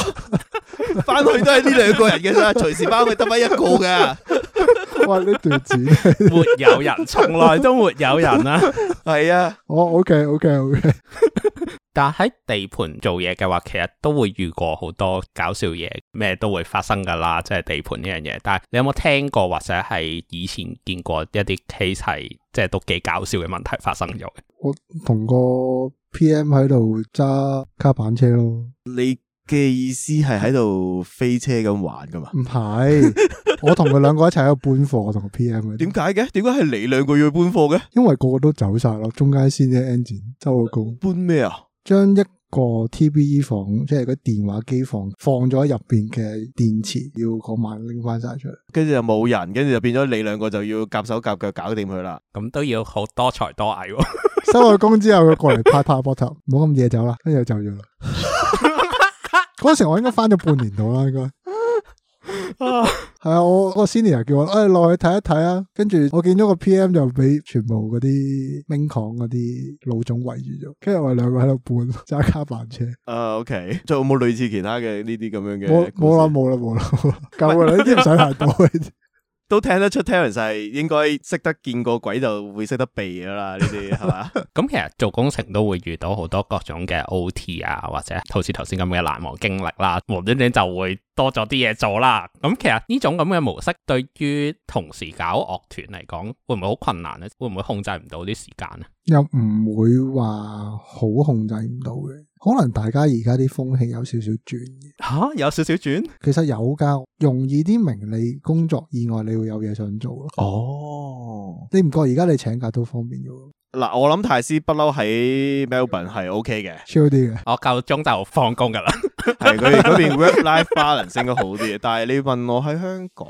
翻 去都係呢兩個人嘅咋，隨時翻去得翻一個㗎。 哇！呢段子， 沒有人，從來都沒有人啊。係 啊，我 OK，OK，OK。但喺地盤做嘢嘅話，其實都會遇過好多搞笑嘢，咩都會發生噶啦。即係地盤呢樣嘢。但係你有冇聽過或者係以前見過一啲 case 係，即係都幾搞笑嘅問題發生咗？我同個。P.M. 喺度揸卡板車咯，你嘅意思係喺度飛車咁玩噶嘛？唔係是， 我同佢兩個一齊喺度搬貨，同 P.M. 點解嘅？點解係你兩個要去搬貨嘅？因為個個都走晒咯，中間先啲 engine 周工搬咩啊？將一個 T.B.E 房，即係個電話機房，放咗入邊嘅電池，要個萬拎翻晒出嚟。跟住就冇人，跟住就變咗你兩個就要夾手夾腳搞掂佢啦。咁都要好多才多藝、啊。 收咗工之後佢過嚟拍拍膊頭，唔好咁夜走啦，跟住就走咗啦。嗰 時我應該翻咗半年度啦，應該。啊，係、er 哎、啊，我我 senior 叫我誒落去睇一睇啊，跟住我見咗個 PM 就俾全部嗰啲兵扛嗰啲老總圍住咗，跟住我兩個喺度搬揸卡板車。誒、uh，OK，仲有冇類似其他嘅呢啲咁樣嘅？冇，冇啦，冇啦，冇啦，夠啦，你唔使行多。 都聽得出，Terrence 係應該識得見過鬼就會識得避噶啦，呢啲係嘛？咁 其實做工程都會遇到好多各種嘅 O.T. 啊，或者好似頭先咁嘅難忘經歷啦、啊，無端端就會多咗啲嘢做啦。咁其實呢種咁嘅模式對於同時搞樂團嚟講，會唔會好困難咧？會唔會控制唔到啲時間咧？又唔會話好控制唔到嘅。可能大家而家啲風氣有少少轉吓有少少轉。其實有㗎，容易啲明你工作以外你會有嘢想做咯。哦，你唔覺而家你請假都方便嘅？嗱，我諗泰斯不嬲喺 Melbourne 係 O、OK、K 嘅，超啲嘅。我夠鐘就放工噶啦，係佢嗰邊 work-life balance 應該好啲嘅。 但係你問我喺香港，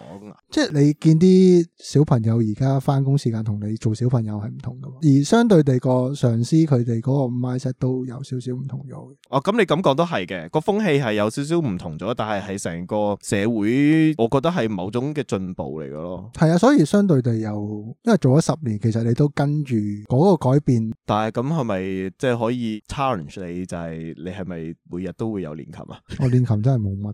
即係你見啲小朋友而家翻工時間同你做小朋友係唔同噶嘛？而相對地，個上司佢哋嗰個 mindset 都有少少唔同咗哦，咁、啊、你感覺都係嘅，個風氣係有少少唔同咗，但係喺成個社會，我覺得係某種嘅進步嚟嘅咯。係啊，所以相對地又因為做咗十年，其實你都跟住個改變，但係咁係咪即係可以 challenge 你？就係你係咪每日都會有練琴啊？我練琴真係冇乜，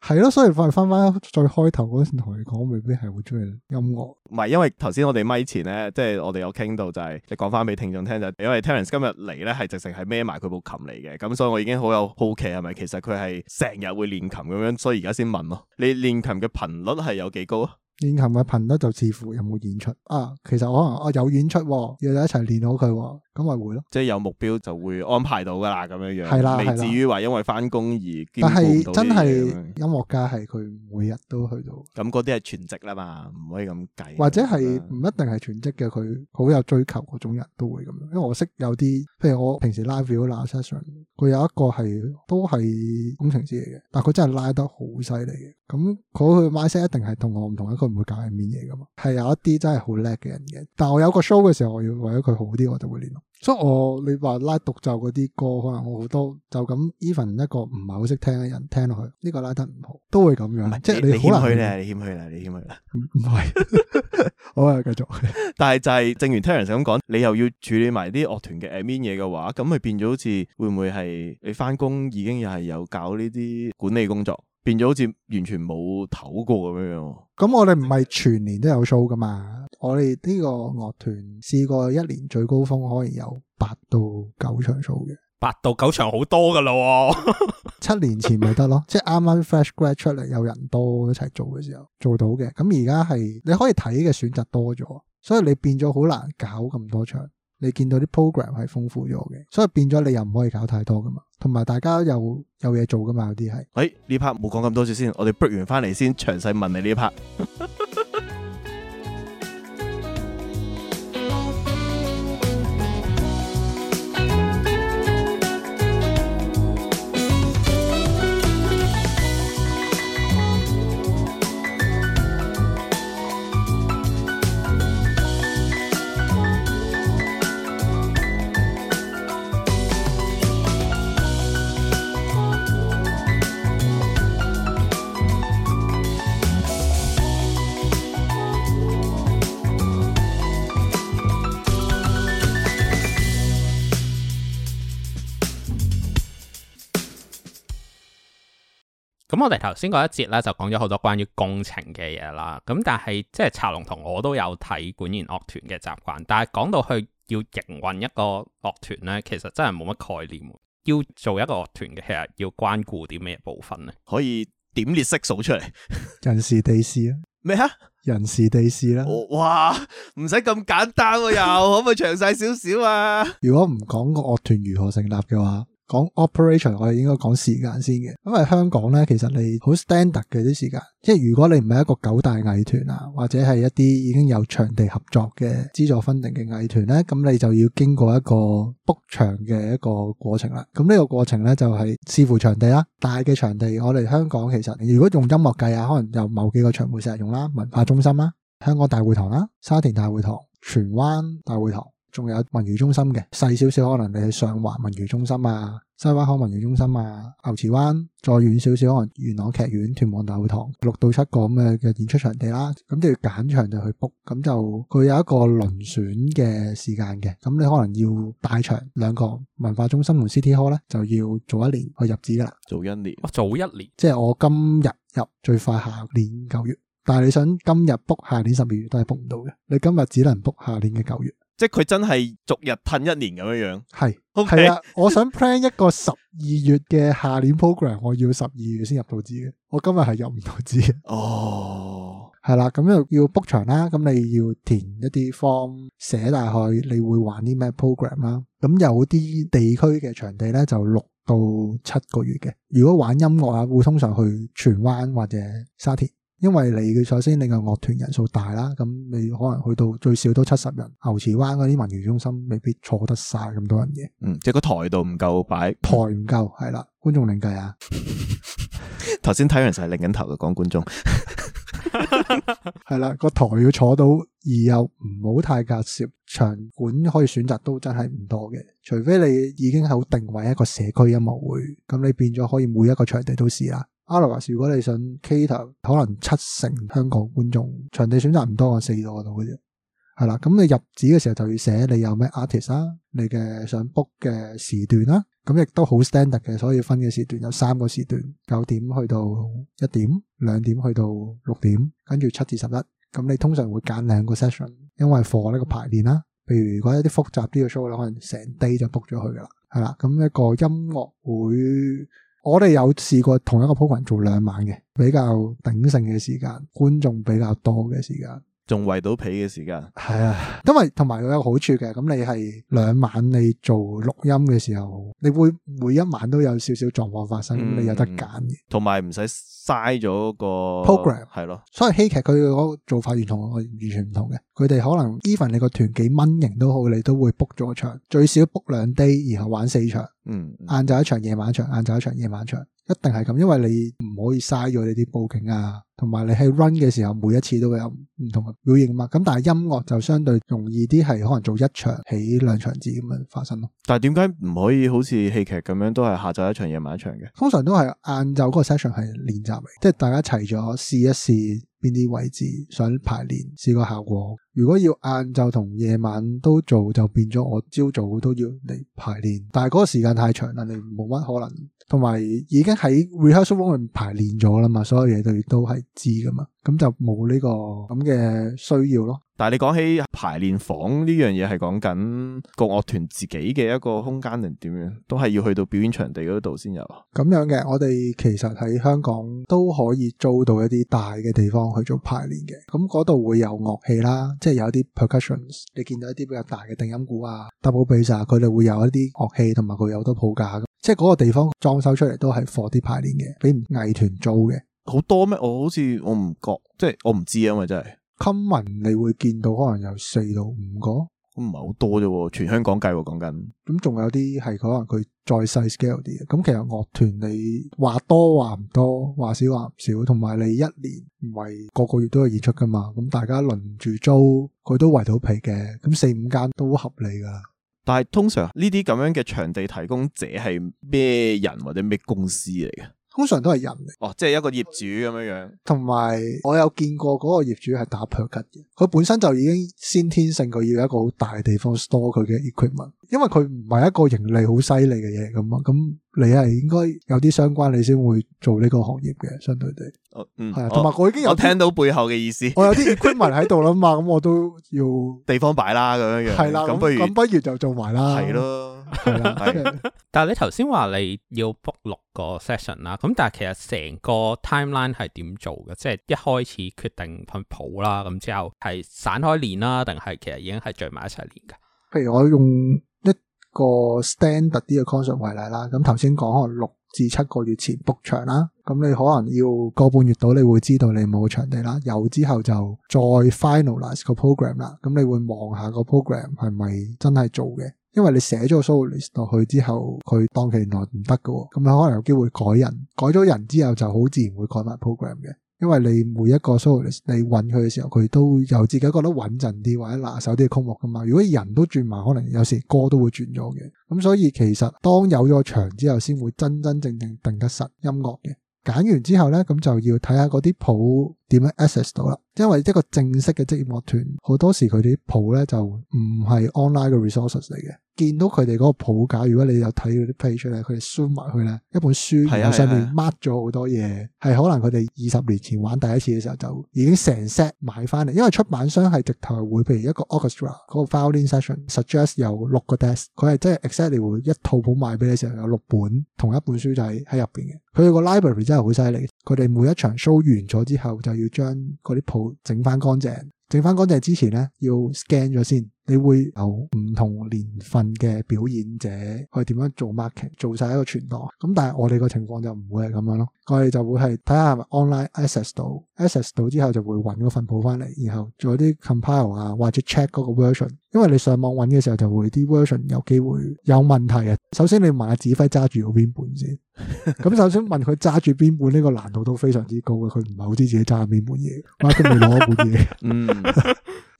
係咯。所以翻翻最開頭嗰陣同你講，未必係會中意音樂。唔係，因為頭先我哋咪前咧，即係我哋有傾到就係，你講翻俾聽眾聽就係，因為 Terrence 今日嚟咧係直情係孭埋佢部琴嚟嘅，咁所以我已經好有好奇係咪其實佢係成日會練琴咁樣，所以而家先問咯。你練琴嘅頻率係有幾高啊？練琴嘅頻率就似乎有冇演出啊？其實可能我、啊、有演出、哦，要一齊練好佢、哦。咁咪會咯，即係有目標就會安排到㗎啦，咁樣樣，未的至於話因為翻工而兼顧唔到啲嘢。但係真係音樂家係佢每日都去到。咁嗰啲係全職啦嘛，唔可以咁計。或者係唔一定係全職嘅，佢好有追求嗰種人都會咁樣。因為我識有啲，譬如我平時 live 嗰個 session，佢有一個係都係工程師嚟嘅，但係佢真係拉得好犀利嘅。咁佢嘅 mix 一定係同我唔同一，佢唔會搞界面嘢噶嘛。係有一啲真係好叻嘅人嘅，但我有個 show 嘅時候，我要為咗佢好啲，我就會練。所以我你話拉獨奏嗰啲歌可能好多就咁 even 一個唔係好識聽嘅人聽落去呢個拉得唔好都會咁樣是即係你好謙虛咧，你謙虛咧，你謙虛啦 不是，唔唔係，好啊，繼續。但係就係正如 Terrence 咁講，你又要處理埋啲樂團嘅誒 admin 嘢嘅話，咁咪變咗好似會唔會係你返工已經又係有搞呢啲管理工作？變咗好似完全冇唞過咁樣樣。咁我哋唔係全年都有 show 噶嘛？我哋呢個樂團試過一年最高峰可以有八到九場 show 嘅，八到九場好多噶啦、哦。七 年前咪得咯， 即係啱啱 fresh grad 出嚟，有人多一齊做嘅時候做到嘅。咁而家係你可以睇嘅選擇多咗，所以你變咗好難搞咁多場。你見到啲 program 係豐富咗嘅，所以變咗你又唔可以搞太多㗎嘛。同埋大家又有嘢做㗎嘛，有啲係。誒呢 part 唔好講咁多字先，我哋 break 完翻嚟先詳細問你呢 part。 咁我哋頭先嗰一節咧就講咗好多關於工程嘅嘢啦，咁但係即係茶龍同我都有睇管弦樂團嘅習慣，但係講到去要營運一個樂團咧，其實真係冇乜概念。要做一個樂團嘅，其實要關顧啲咩部分咧？可以點列式數出嚟？ 人事地事啊？咩 啊地？人事地事啦！哇，唔使咁簡單喎、啊，又 可唔可以詳細少少啊？ 如果唔講個樂團如何成立嘅話？講 operation，我哋應該講時間先嘅，因為香港咧，其實你好 standard 嘅啲時間，即係如果你唔係一個九大藝團啊，或者係一啲已經有場地合作嘅資助分定嘅藝團咧，咁你就要經過一個 book 場嘅一個過程啦。咁呢個過程咧就係、是、視乎場地啦、啊，大嘅場地，我哋香港其實如果用音樂計啊，可能有某幾個場館成日用啦，文化中心啦、啊，香港大會堂啦、啊，沙田大會堂，荃灣大會堂。仲有文娛中心嘅細少少，可能你係上環文娛中心啊、西灣河文娛中心啊、牛池灣再遠少少，可能元朗劇院、屯門大會堂六到七個咁嘅嘅演出場地啦。咁都要揀場就去 book，咁就佢有一個輪選嘅時間嘅。咁你可能要大場兩個文化中心同 City Hall 咧，就要早一年去入紙噶啦。早一年，早一年，即係我今日入最快下年九月。但係你想今日 book 下年十二月都係 book 唔到嘅。你今日只能 book 下年嘅九月。即係佢真係逐日褪一年咁樣樣，係，ok 啦！我想 plan 一個十二月嘅下年 program，me, 我要十二月先入到紙嘅，我今日係入唔到紙嘅。哦，係啦，咁又要 book 場啦，咁你要填一啲 form，寫大概你會玩啲咩 program 啦。咁有啲地區嘅場地咧就六到七個月嘅。如果玩音樂啊，會通常去荃灣或者沙田。因為你嘅首先你嘅樂團人數大啦，咁你可能去到最少都七十人，牛池灣嗰啲文娛中心未必坐得晒咁多人嘅，嗯，即係個台度唔夠擺，台唔夠，係啦，觀眾另計啊，頭先睇完就係擰緊頭嘅講觀眾，係啦，個台要坐到，而又唔好太隔涉，場館可以選擇都真係唔多嘅，除非你已經係好定位一個社區音樂會，咁你變咗可以每一個場地都試啦。阿拉士，如果你想 cater，可能七成香港觀眾，場地選擇唔多過四個度嘅啫，係啦。咁你入紙嘅時候就要寫你有咩 artist 啦、啊，你嘅想 book 嘅時段啦、啊。咁亦都好 standard 嘅，所以分嘅時段有三個時段，九點去到一點，兩點去到六點，跟住七至十一。咁你通常會揀兩個 session，因為 for 呢個排練啦。譬如如果一啲複雜啲嘅 show，可能成 day 就 book 咗佢噶啦，係啦。咁一個音樂會。我哋有試過同一個 program 做兩晚嘅，比較鼎盛嘅時間，觀眾比較多嘅時間。仲圍到被嘅時間，係啊，因為同埋佢有個好處嘅。咁你係兩晚你做錄音嘅時候，你會每一晚都有少少狀況發生，嗯、你有得揀嘅。同埋唔使嘥咗個 program，係咯。所以戲劇佢嗰個做法完全同我完全唔同嘅。佢哋可能 even 你個團幾蚊型都好，你都會 book 咗場，最少 book 兩 day，然後玩四場。嗯，晏晝一場，夜晚場，晏晝一場，夜晚場，一定係咁，因為你唔可以嘥咗你啲布景啊。同埋你喺 run 嘅時候，每一次都會有唔同嘅表現嘛，咁但係音樂就相對容易啲，係可能做一場起兩場字咁樣發生咯。但係點解唔可以好似戲劇咁樣，都係下晝一場夜晚一場嘅？通常都係晏晝嗰個 session 係練習嚟，即係大家齊咗試一試邊啲位置想排練，試個效果。如果要晏晝同夜晚都做，就變咗我朝早都要嚟排練，但係嗰個時間太長啦，你冇乜可能。同埋已經喺 rehearsal room 排練咗啦嘛，所有嘢對都係知㗎嘛，咁就冇呢、這個咁嘅需要咯。但係你講起排練房呢樣嘢係講緊個樂團自己嘅一個空間定點樣，都係要去到表演場地嗰度先有。咁樣嘅，我哋其實喺香港都可以租到一啲大嘅地方去做排練嘅，咁嗰度會有樂器啦。即係有啲 percussions，你見到一啲比較大嘅定音鼓啊、double bass 啊，佢哋會有一啲樂器同埋佢有好多譜架咁。即係嗰個地方裝修出嚟都係 for 啲排練嘅，俾藝團租嘅。好多咩？我好似我唔覺，即係我唔知啊，因為真係。common 你會見到可能有四到五個。都唔係好多啫，全香港計講緊。咁仲 有啲係可能佢再細 scale 啲嘅。咁其實樂團你話多話唔多，話少話唔少。同埋你一年唔係個個月都有演出噶嘛。咁大家輪住租，佢都圍到皮嘅。咁四五間都合理噶。但係通常呢啲咁樣嘅場地提供者係咩人或者咩公司嚟嘅？通常都係人嚟，哦，即係一個業主咁樣樣，同埋我有見過嗰個業主係打 p r o 嘅，佢本身就已經先天性佢要一個好大嘅地方 store 佢嘅 equipment。因為佢唔係一個盈利好犀利嘅嘢咁嘛，咁你係應該有啲相關你先會做呢個行業嘅相對地，嗯，係啊是，同埋我，我已經有我聽到背後嘅意思， 我有啲 equipment 喺度啦嘛，咁我都要地方擺啦咁樣樣，係啦的，咁不如咁不如就做埋啦，係咯，但係你頭先話你要 book 六個 session 啦，咁但係其實成個 timeline 係點做嘅？即係一開始決定分譜啦，咁之後係散開練啦，定係其實已經係聚埋一齊練噶？譬如我用。個 standard 啲嘅 concept 為例啦，咁頭先講可能六至七個月前 book 場啦，咁你可能要個半月到，你會知道你冇場地啦。有之後就再 finalize 個 program 啦，咁你會望下個 program 係咪真係做嘅，因為你寫咗個 solid list 落去之後，佢當期原來唔得嘅，咁你可能有機會改人，改咗人之後就好自然會改埋 program 嘅。因為你每一個 soloist 嚟揾佢嘅時候，佢都由自己覺得穩陣啲或者拿手啲嘅曲目㗎嘛。如果人都轉埋，可能有時歌都會轉咗嘅。咁所以其實當有咗場之後，先會真真正正定得實音樂嘅。揀完之後咧，咁就要睇下嗰啲譜。點樣 access 到啦？因為一個正式嘅職業樂團，好多時佢哋啲譜咧就唔係 online 嘅 resources 嚟嘅。見到佢哋嗰個譜架，如果你有睇嗰啲 page 出嚟，佢哋 zoom 埋去咧，一本書係啊上面 mark 咗好多嘢，係可能佢哋二十年前玩第一次嘅時候就已經成 set 買翻嚟，因為出版商係直頭會譬如一個 orchestra 嗰個 final session suggest 有六個 desk，佢係真係 exactly 會一套譜賣俾你時有六本同一本書就係喺入邊嘅。佢哋個 library 真係好犀利，佢哋每一場 show 完咗之後就要。要將嗰啲譜整翻乾淨。整翻嗰隻之前咧，要 scan 咗先，你會有唔同年份嘅表演者去點樣做 market，做晒一個全檔。咁但係我哋個情況就唔會係咁樣咯，我哋就會係睇下 online access 到，access 到之後就會搵嗰份譜翻嚟，然後做啲 compile 啊，或者 check 嗰個 version。因為你上網搵嘅時候，就會啲 version 有機會有問題啊。首先你要問阿指揮揸住邊本先，咁 首先問佢揸住邊本呢個難度都非常之高嘅，佢唔係好知自己揸下邊本嘢，我都未攞本嘢。嗯。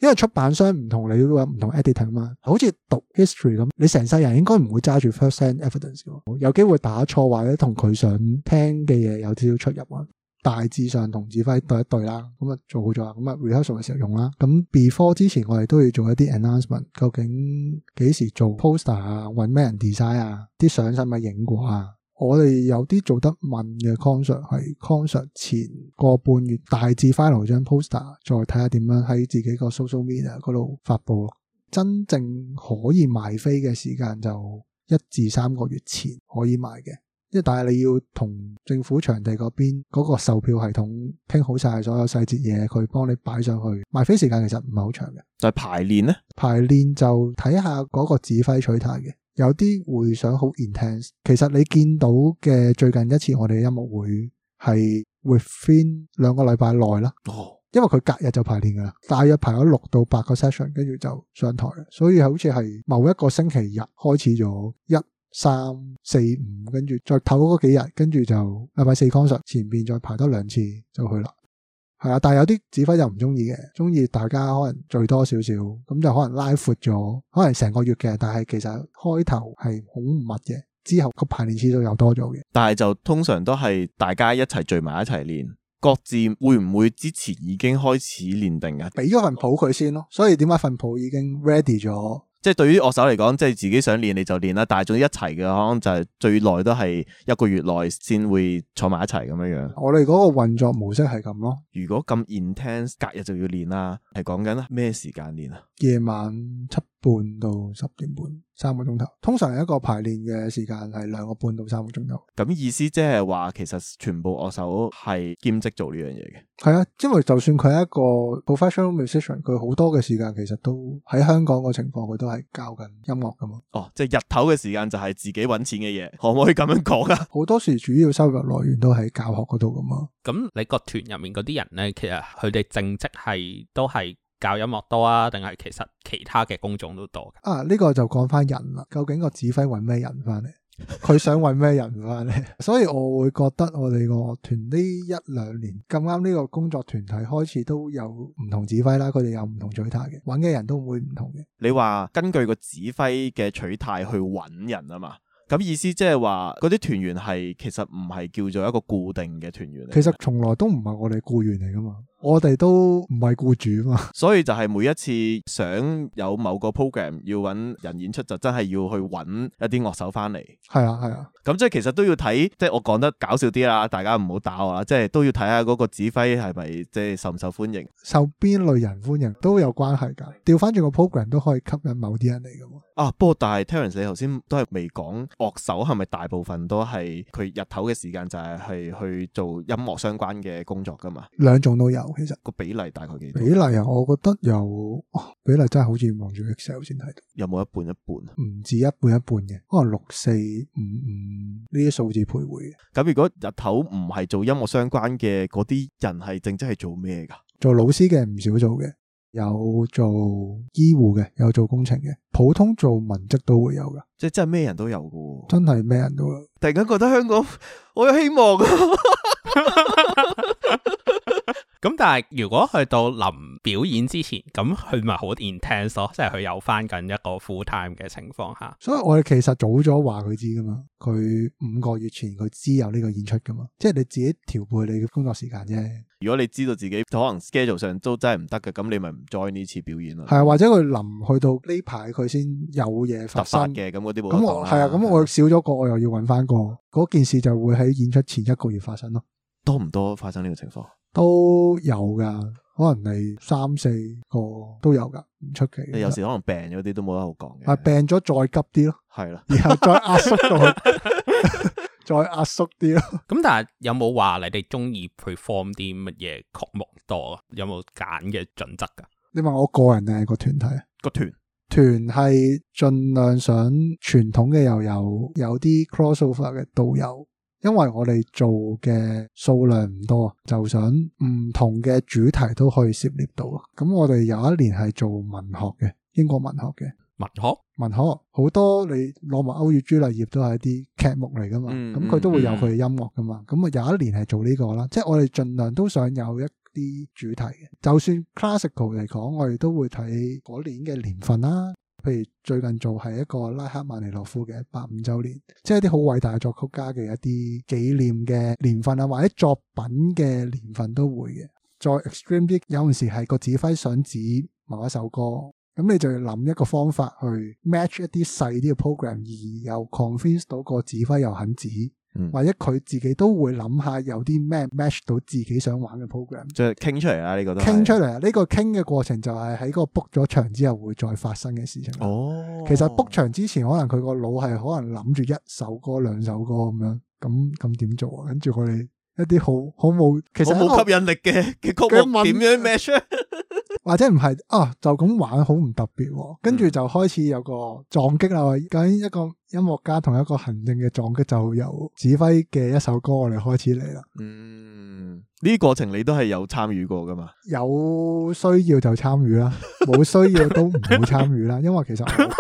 因為出版商唔同你話唔同 editor 嘛，好似讀 history 咁，你成世人應該唔會揸住 first hand evidence，有機會打錯或者同佢想聽嘅嘢有少少出入啊。大致上同指揮對一對啦，咁啊做好咗，咁啊 rehearsal 嘅時候用啦。咁 before 之前我哋都要做一啲 announcement，究竟幾時做 poster 啊？搵咩人 design 啊？啲相係咪影過啊？我哋有啲做得慢嘅 concert 係 concert 前個半月，大致 final 一張 poster，再睇下點樣喺自己個 social media 嗰度發佈。真正可以賣飛嘅時間就一至三個月前可以賣嘅，因為但係你要同政府場地嗰邊嗰個售票系統傾好晒所有細節嘢，佢幫你擺上去。賣飛時間其實唔係好長嘅。就排練咧，排練就睇下嗰個指揮取態嘅。有啲會想好 intense，其實你見到嘅最近一次我哋音樂會係 within 兩個禮拜內啦，因為佢隔日就排練噶啦，大約排咗六到八個 session，跟住就上台，所以好似係某一個星期日開始咗一三四五，跟住再唞嗰幾日，跟住就禮拜四 concert，前邊再排多兩次就去啦。係啊，但係有啲指揮就唔中意嘅，中意大家可能聚多少少，咁就可能拉闊咗，可能成個月嘅，但係其實開頭係好密嘅，之後個排練次數又多咗嘅。但係就通常都係大家一齊聚埋一齊練，各自會唔會之前已經開始練定啊？俾咗份譜佢先咯，所以點解份譜已經 ready 咗？即係對於樂手嚟講，即係自己想練你就練啦。但係總之一齊嘅，可能就係最耐都係一個月內先會坐埋一齊咁樣樣。我哋嗰個運作模式係咁咯。如果咁 intense，隔日就要練啦。係講緊咩時間練啊？夜晚七半到十點半三個鐘頭，通常一個排練嘅時間係兩個半到三個鐘頭。咁意思即係話，其實全部樂手係兼職做呢樣嘢嘅。係啊，因為就算佢係一個 professional musician，佢好多嘅時間其實都喺香港嘅情況，佢都係教緊音樂㗎嘛。哦，即係日頭嘅時間就係自己揾錢嘅嘢，可唔可以咁樣講啊？好多時主要收入來源都喺教學嗰度㗎嘛。咁你個團入面嗰啲人呢，其實佢哋正職係都係。教音樂多啊，定係其實其他嘅工種都多嘅？啊，呢個就講翻人啦。究竟個指揮搵咩人翻嚟？佢 想搵咩人翻嚟？所以我會覺得我哋個團呢一兩年咁啱呢個工作團體開始都有唔同指揮啦，佢哋有唔同取態嘅，搵嘅人都會唔同嘅。你話根據個指揮嘅取態去搵人啊嘛？咁意思即係話嗰啲團員係其實唔係叫做一個固定嘅團員嚟。其實從來都唔係我哋僱員嚟噶嘛。我哋都唔係雇主嘛，所以就係每一次想有某個 program 要揾人演出，就真係要去揾一啲樂手翻嚟。係 啊，係啊。咁即係其實都要睇，即係我講得搞笑啲啦，大家唔好打我啦。即係都要睇下嗰個指揮係咪即係受唔受歡迎，受邊類人歡迎都有關係㗎。調翻轉個 program 都可以吸引某啲人嚟㗎嘛。啊，不過但係 Terrence 你頭先都係未講樂手係咪大部分都係佢日頭嘅時間就係係去做音樂相關嘅工作㗎嘛？兩種都有。其實個比例大概幾多？比例啊，我覺得有、啊、比例真係好似望住 Excel 先睇到。有冇一半一半？唔止一半一半嘅，可能六四五五呢啲數字徘徊。咁如果日頭唔係做音樂相關嘅嗰啲人，係正職係做咩噶？做老師嘅唔少做嘅，有做醫護嘅，有做工程嘅，普通做文職都會有噶。即係真係咩人都有噶。真係咩人都有。有。突然間覺得香港，我有希望啊！ 咁但係如果去到臨表演之前，咁佢咪好 intense 咯，即係佢有翻緊一個 full time 嘅情況下。所以我哋其實早咗話佢知噶嘛，佢五個月前佢知有呢個演出噶嘛，即係你自己調配你嘅工作時間啫。如果你知道自己可能 schedule 上都真係唔得嘅，咁你咪唔 join 呢次表演咯。係啊，或者佢臨去到呢排佢先有嘢發生嘅咁嗰啲冇得講啦。係啊，咁、啊、我少咗個，我又要揾翻個，嗰件事就會喺演出前一個月發生咯。多唔多發生呢個情況？都有噶，可能係三四個都有噶，唔出奇。你有時可能病咗啲都冇得好講。啊，病咗再急啲咯，係啦，然後再壓縮到， 再壓縮啲咯。咁但係有冇話你哋中意 perform 啲乜嘢曲目多啊？有冇揀嘅準則噶？你問我個人定係個團體啊？個團團係盡量想傳統嘅又有有啲 crossover 嘅都有。因為我哋做嘅數量唔多，就想唔同嘅主題都可以涉獵到。咁我哋有一年係做文學嘅，英國文學嘅文學，文學好多你羅密歐與茱麗葉都係一啲劇目嚟噶嘛，咁佢、嗯嗯嗯、都會有佢嘅音樂噶嘛。咁啊有一年係做呢個啦，即係我哋盡量都想有一啲主題嘅，就算 classical 嚟講，我哋都會睇嗰年嘅年份啦。譬如最近做係一個拉赫曼尼諾夫嘅百五周年，即係啲好偉大作曲家嘅一啲紀念嘅年份啊，或者作品嘅年份都會嘅。再 extreme 啲，有陣時係個指揮想指某一首歌，咁你就要諗一個方法去 match 一啲細啲嘅 program，而又 convince 到個指揮又肯指。或者佢自己都會諗下有啲咩 match 到自己想玩嘅 program，即係傾出嚟啦，呢個都傾出嚟啊！呢個傾嘅過程就係喺個 book 咗場之後會再發生嘅事情。哦，其實 book 場之前可能佢個腦係可能諗住一首歌兩首歌咁樣，咁咁點做啊？跟住佢哋一啲好好冇其實冇吸引力嘅嘅 曲目點樣 match？ 或者唔係啊，就咁玩好唔特別，啊，跟住就開始有個撞擊啦。究竟一個音樂家同一個行政嘅撞擊，就由指揮嘅一首歌，我哋開始嚟啦。嗯，呢啲過程你都係有參與過噶嘛？有需要就參與啦，冇需要都唔會參與啦。因為其實。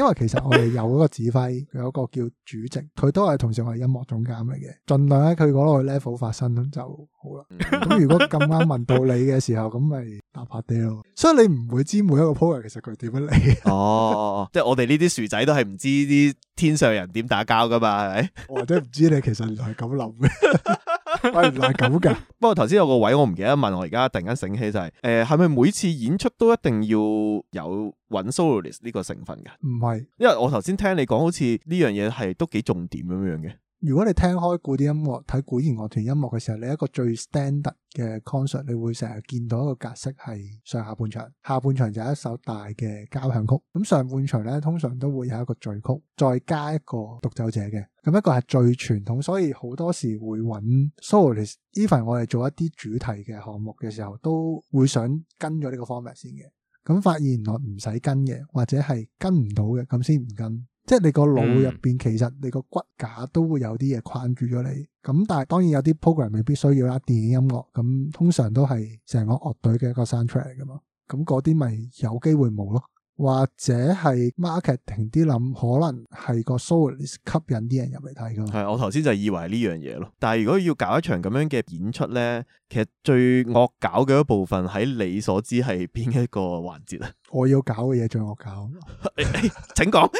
因為其實我哋有嗰個指揮，有一個叫主席，佢都係同時係音樂總監嚟嘅。盡量喺佢嗰個 level 發生就好啦。咁如果咁啱問到你嘅時候，咁咪答下啲咯。所以你唔會知每一個 program 其實佢點樣嚟。哦，即係我哋呢啲薯仔都係唔知啲天上人點打交噶嘛，係咪？或者唔知你其實原來係咁諗嘅。喂，係咪咁㗎？不過頭先有個位我唔記得問我，而家突然間醒起就係、是，誒係咪每次演出都一定要有搵 soloist 呢個成分嘅？唔係是，因為我頭先聽你講，好似呢樣嘢係都幾重點咁樣嘅。如果你聽開古典音樂、睇管弦樂團音樂嘅時候，你一個最 standard 嘅 concert，你會成日見到一個格式係上下半場，下半場就一首大嘅交響曲，咁上半場咧通常都會有一個序曲，再加一個獨奏者嘅，咁一個係最傳統，所以好多時會揾 soloist。Even 我哋做一啲主題嘅項目嘅時候，都會想跟咗呢個 format 先嘅，咁發現原來唔使跟嘅，或者係跟唔到嘅，咁先唔跟。即係你個腦入邊，其實你個骨架都會有啲嘢框住咗你。咁但係當然有啲 program 未必需要啊，電影音樂咁通常都係成個樂隊嘅一個 soundtrack 嚟噶嘛。咁嗰啲咪有機會冇咯。或者係 marketing 啲諗，可能係個 soloist 吸引啲人入嚟睇噶。係，我頭先就以為係呢樣嘢咯。但係如果要搞一場咁樣嘅演出咧，其實最惡搞嘅一部分喺你所知係邊一個環節啊？我要搞嘅嘢最惡搞， 哎哎、請講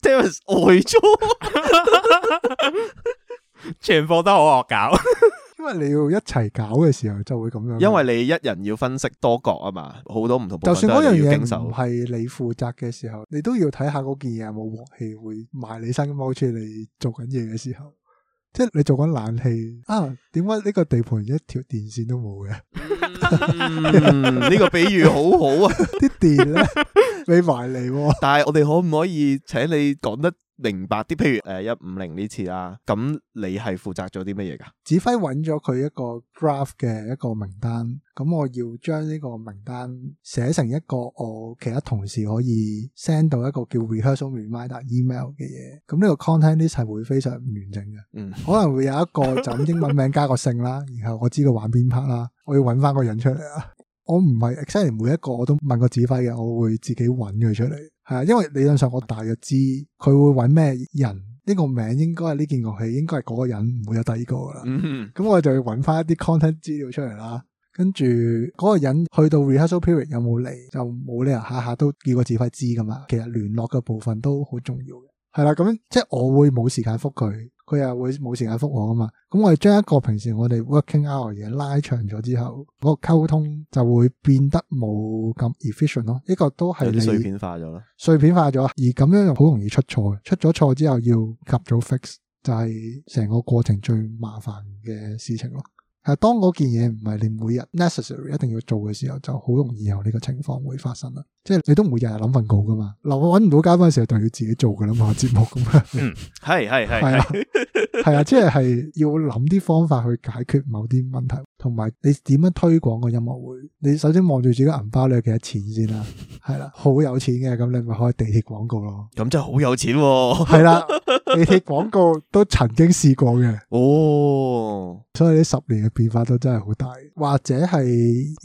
Terrence 全部都好惡搞。 因為你要一齊搞嘅時候就會咁樣，因為你一人要分析多角啊嘛，好多唔同。就算嗰樣嘢唔係你負責嘅時候， 你都要睇下嗰件嘢有冇鑊氣，會埋你身踎住嚟做緊嘢嘅時候，即係你做緊冷氣啊？點解呢個地盤一條電線都冇嘅？呢、 嗯、 個比喻好好啊，啲 電咧。你埋嚟喎，啊、但係我哋可唔可以請你講得明白啲？譬如誒一五零呢次啊，咁你係負責咗啲乜嘢㗎？指揮揾咗佢一個 graph 嘅一個名單，咁我要將呢個名單寫成一個我其他同事可以 send 到一個叫 rehearsal reminder email 嘅嘢，咁呢個 content 呢係會非常唔完整嘅，嗯，可能會有一個就英文名加個姓啦， 然後我知道玩邊 part 啦，我要揾翻個人出嚟啊。我唔係 exactly 每一個我都問個指揮嘅，我會自己揾佢出嚟係啊，因為理論上我大約知佢會揾咩人呢個名應該係呢件樂器應該係嗰個人，唔會有第二個噶啦。咁、嗯、哼我就要揾翻一啲 content 資料出嚟啦。跟住嗰個人去到 rehearsal period 有冇嚟就冇理由下下都叫個指揮知噶嘛。其實聯絡嘅部分都好重要嘅，係啦。咁即係我會冇時間覆佢。佢又會冇時間覆我啊嘛，咁我哋將一個平時我哋 working hour 嘅嘢拉長咗之後，嗰個溝通就會變得冇咁 efficient 咯。呢個都係你碎片化咗咯，碎片化咗，而咁樣又好容易出錯，出咗錯之後要及早 fix，就係成個過程最麻煩嘅事情咯。係當嗰件嘢唔係你每日 necessary 一定要做嘅時候，就好容易有呢個情況會發生啦。即係你都唔會日日諗份稿噶嘛嗱，我揾唔到嘉賓嘅時候就要自己做噶啦嘛節目噉樣，係係係啊，係啊， 即係係要諗啲方法去解決某啲問題，同埋你點樣推廣個音樂會？你首先望住自己銀包裏有幾多錢先啦，係啦，好有錢嘅咁，你咪開地鐵廣告咯。咁真係好有錢，啊，係 啦，地鐵廣告都曾經試過嘅。哦，所以呢十年嘅變化都真係好大，或者係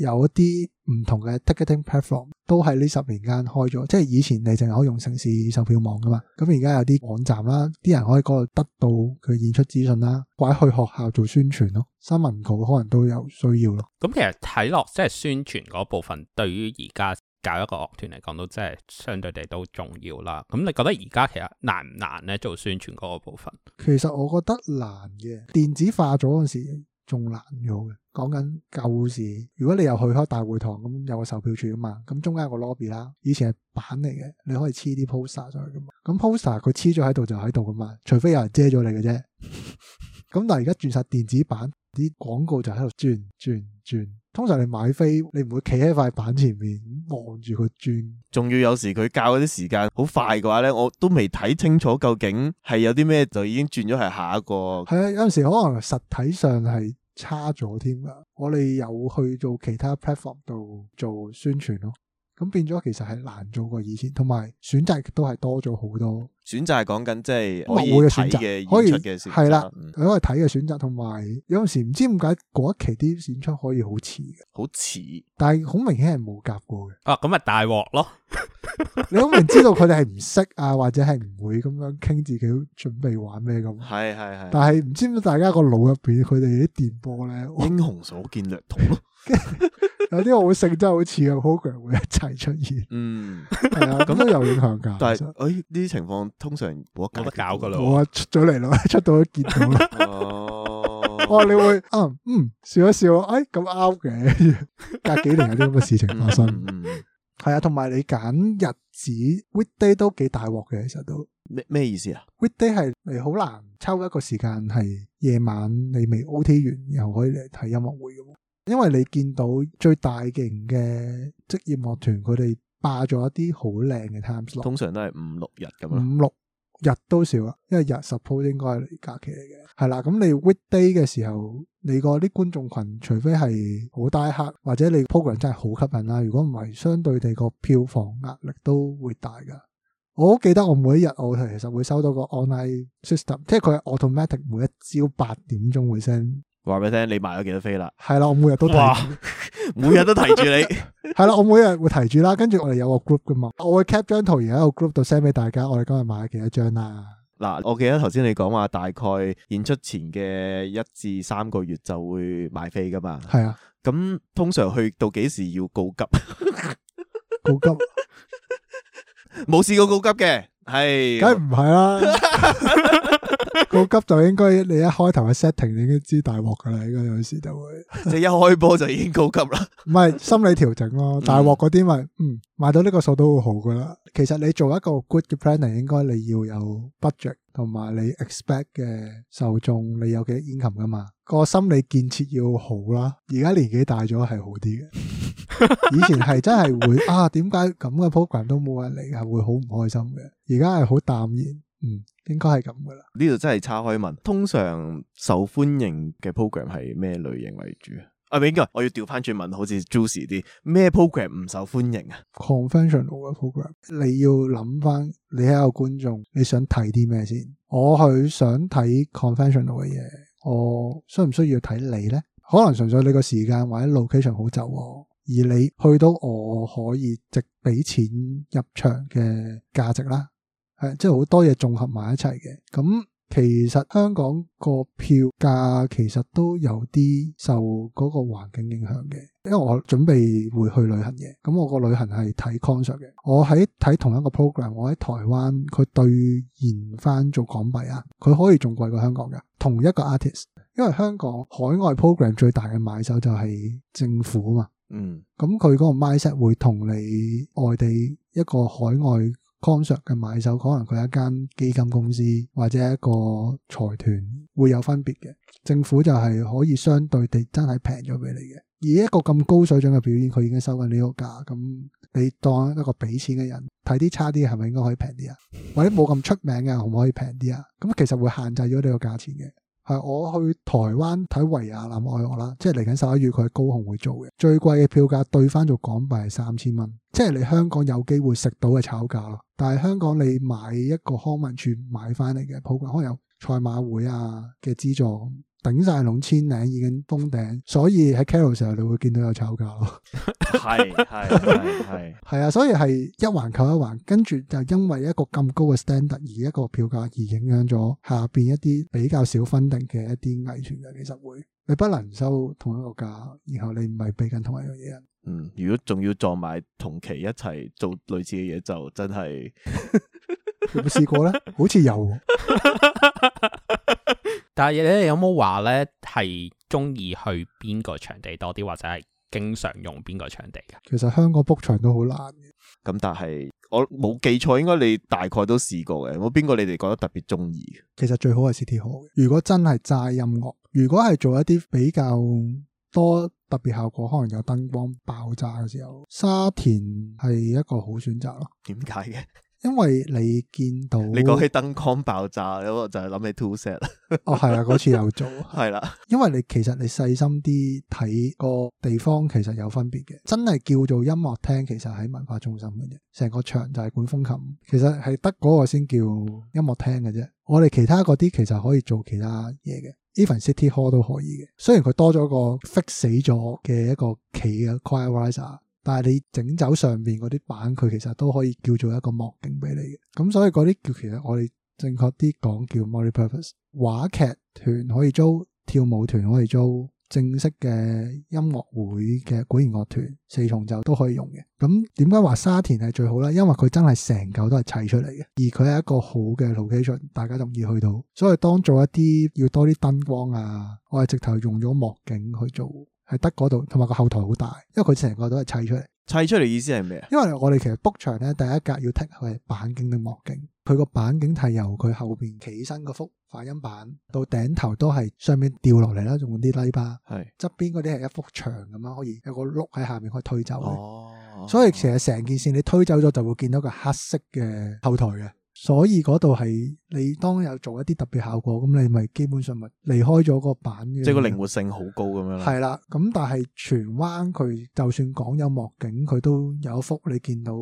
有一啲。唔同嘅 ticketing platform 都係呢十年間開咗，即係以前你淨係可以用城市售票網噶嘛，咁而家有啲網站啦，啲人可以嗰度得到佢演出資訊啦，或者去學校做宣傳咯，新聞局可能都有需要咯。咁其實睇落即係宣傳嗰部分，對於而家搞一個樂團嚟講都真係相對地都重要啦。咁你覺得而家其實難唔難咧做宣傳嗰個部分？其實我覺得難嘅電子化咗嗰陣時。仲難咗嘅，講緊舊時。如果你又去開大會堂，咁有個售票處㗎嘛，咁中間有個 lobby 啦，以前係板嚟嘅，你可以黐啲 poster 上去噶嘛。咁 poster 佢黐咗喺度就喺度噶嘛，除非有人遮咗你嘅啫。咁 但係而家轉晒電子版。啲廣告就喺度轉轉轉，通常你買飛，你唔會企喺塊板前面望住佢轉，仲要有時佢較嗰啲時間好快嘅話咧，我都未睇清楚究竟係有啲咩就已經轉咗係下一個。係啊，有陣時可能實體上係差咗添啊！我哋有去做其他 platform 度做宣傳咯。咁變咗其實係難做過以前，同埋選擇亦都係多咗好多。選擇係講緊即係可以睇嘅演出嘅選擇的，係啦、嗯，可以睇嘅選擇，同埋有陣時唔知點解嗰一期啲演出可以好遲嘅，好遲遲，但係好明顯係冇夾過嘅。啊，咁啊大鑊咯！ 你好明知道佢哋係唔識啊，或者係唔會咁樣傾自己準備玩咩咁。係係係。但係唔知點解，大家個腦入邊佢哋啲電波咧， 英雄所見略同咯。 有啲我會性真係好似啊，好強會一齊出現。嗯，係 啊，咁都有影響噶。但係是，誒以，呢啲、哎、情況通常我搞得搞噶啦。我出咗嚟啦，出到啲見到啦。哦， 你會，嗯嗯，笑一笑，誒、哎，咁啱嘅。 隔係幾年有啲咁嘅事情發生，係啊、嗯，同埋 你揀日子 weekday 都幾大鑊嘅，其實都咩意思啊？Weekday 係你好難抽一個時間係夜晚你 OT，你未 O T 完然又可以嚟睇音樂會因為你見到最大型嘅職業樂團，佢哋霸咗一啲好靚嘅 times 咯。通常都係五六日咁啦，五六日都少，因一日十鋪應該係假期嚟嘅。係啦，咁你 weekday 嘅時候，你個啲觀眾群，除非係好大客，或者你 program 真係好吸引啦。如果唔係，相對地個票房壓力都會大噶。我好記得我每一日我其實會收到個 online system，即係佢係 automatic，每一朝八點鐘會 send 話俾你聽，你買咗幾多飛啦？係啦，我每日都哇，每日都提住你。係啦，我每日會提住啦。跟住我哋有個 group 噶嘛，我會 cap 張圖，而喺個 group 度 send 俾大家。我哋今日買咗幾多張啦？嗱，我記得頭先你講話大概演出前嘅一至三個月就會買飛噶嘛。係啊，咁通常去到幾時要告急？告急？冇試過告急嘅，係，梗係唔係啦。 高級就應該你一開頭嘅 setting，你已經知大鑊㗎啦。應該有時就會 你一開波就已經高級啦 。唔係心理調整咯，大鑊嗰啲咪嗯買到呢個數都會好嘅啦。其實你做一個 good 嘅 planner，n 應該你要有 budget 同埋你 expect 嘅受眾，你有幾多 income 噶嘛？個心理建設要好啦。而家年紀大咗係好啲嘅， 以前係真係會啊，點解咁嘅 program 都冇人嚟，係會好唔開心嘅，而家係好淡然。嗯，應該係咁噶啦。呢度真係岔開問，通常受歡迎嘅 program 係咩類型為主啊？I mean，我要調翻轉問，好似 juicy 啲咩 program 唔受歡迎啊？Conventional 嘅 program，你要諗翻你喺個觀眾，你想睇啲咩先？我去想睇 conventional 嘅嘢，我需唔需要睇你咧？可能純粹你個時間或者 location 好就，而你去到我可以值俾錢入場嘅價值啦。係，即係好多嘢綜合埋一齊嘅。咁其實香港個票價其實都有啲受嗰個環境影響嘅。因為我準備會去旅行嘅，咁我個旅行係睇 concert 嘅。我喺睇同一個 program，我喺台灣佢兌現翻做港幣啊，佢可以仲貴過香港嘅同一個 artist。因為香港海外 program 最大嘅買手就係政府啊嘛。嗯，咁佢嗰個 mindset 會同你外地一個海外。Concert 嘅買手可能佢係一間基金公司或者一個財團會有分別嘅，政府就係可以相對地真係平咗俾你嘅。而一個咁高水準嘅表演，佢已經收緊呢個價，咁你當一個俾錢嘅人睇啲差啲係咪應該可以平啲啊？或者冇咁出名嘅可唔可以平啲啊？咁其實會限制咗你個價錢嘅。係我去台灣睇維也納愛樂啦，即係嚟緊十一月佢係高雄會做嘅，最貴嘅票價兌翻做港幣係三千蚊，即係你香港有機會食到嘅炒價咯。但係香港你買一個康文署買翻嚟嘅，普遍可能有賽馬會啊嘅資助。頂晒籠千頂已經封頂，所以喺 Carousell 時候你會見到有炒價咯。係係係係啊，所以係一環扣一環，跟住就因為一個咁高嘅 standard 而一個票價而影響咗下邊一啲比較少分定嘅一啲藝團嘅，其實會你不能收同一個價，然後你唔係俾緊同一樣嘢。嗯，如果仲要撞埋同期一齊做類似嘅嘢，就真係有冇試過咧？好似有。但係你哋有冇話咧係中意去邊個場地多啲，或者係經常用邊個場地嘅？其實香港 book 場都好難嘅。咁、嗯、但係我冇記錯，應該你大概都試過嘅。有冇邊個你哋覺得特別中意？其實最好係 City Hall。如果真係齋音樂，如果係做一啲比較多特別效果，可能有燈光爆炸嘅時候，沙田係一個好選擇咯。點解嘅？因為你見到你講起燈光爆炸，我就係諗起 two set 哦，係啊，嗰次又做係啦。 是的 因為你其實你細心啲睇個地方，其實有分別嘅。真係叫做音樂廳，其實喺文化中心嘅啫。成個場就係管風琴，其實係得嗰個先叫音樂廳嘅啫。我哋其他嗰啲其實可以做其他嘢嘅。Even City Hall 都可以嘅。雖然佢多咗個 fix 死咗嘅一個企嘅 quiet riser 但係你整走上邊嗰啲板，佢其實都可以叫做一個幕景俾你嘅。咁所以嗰啲叫，其實我哋正確啲講叫 multi-purpose。話劇團可以租，跳舞團可以租，正式嘅音樂會嘅管弦樂團四重奏都可以用嘅。咁點解話沙田係最好咧？因為佢真係成嚿都係砌出嚟嘅，而佢係一個好嘅 location，大家容易去到。所以當做一啲要多啲燈光啊，我係直頭用咗幕景去做。係得嗰度，同埋個後台好大，因為佢成個都係砌出嚟。砌出嚟意思係咩啊？因為我哋其實 book 場咧，第一格要剔佢係板景定幕景，佢個板景係由佢後邊企身嗰幅反音板到頂頭都係上面掉落嚟啦，仲有啲拉巴。係側邊嗰啲係一幅牆咁樣，可以有個碌喺下面可以推走。哦，所以其實成件事，你推走咗，就會見到個黑色嘅後台嘅。所以嗰度係你當有做一啲特別效果，咁你咪基本上咪離開咗個板。即係個靈活性好高咁樣。係啦，咁但係荃灣佢就算講有幕景，佢都有一幅你見到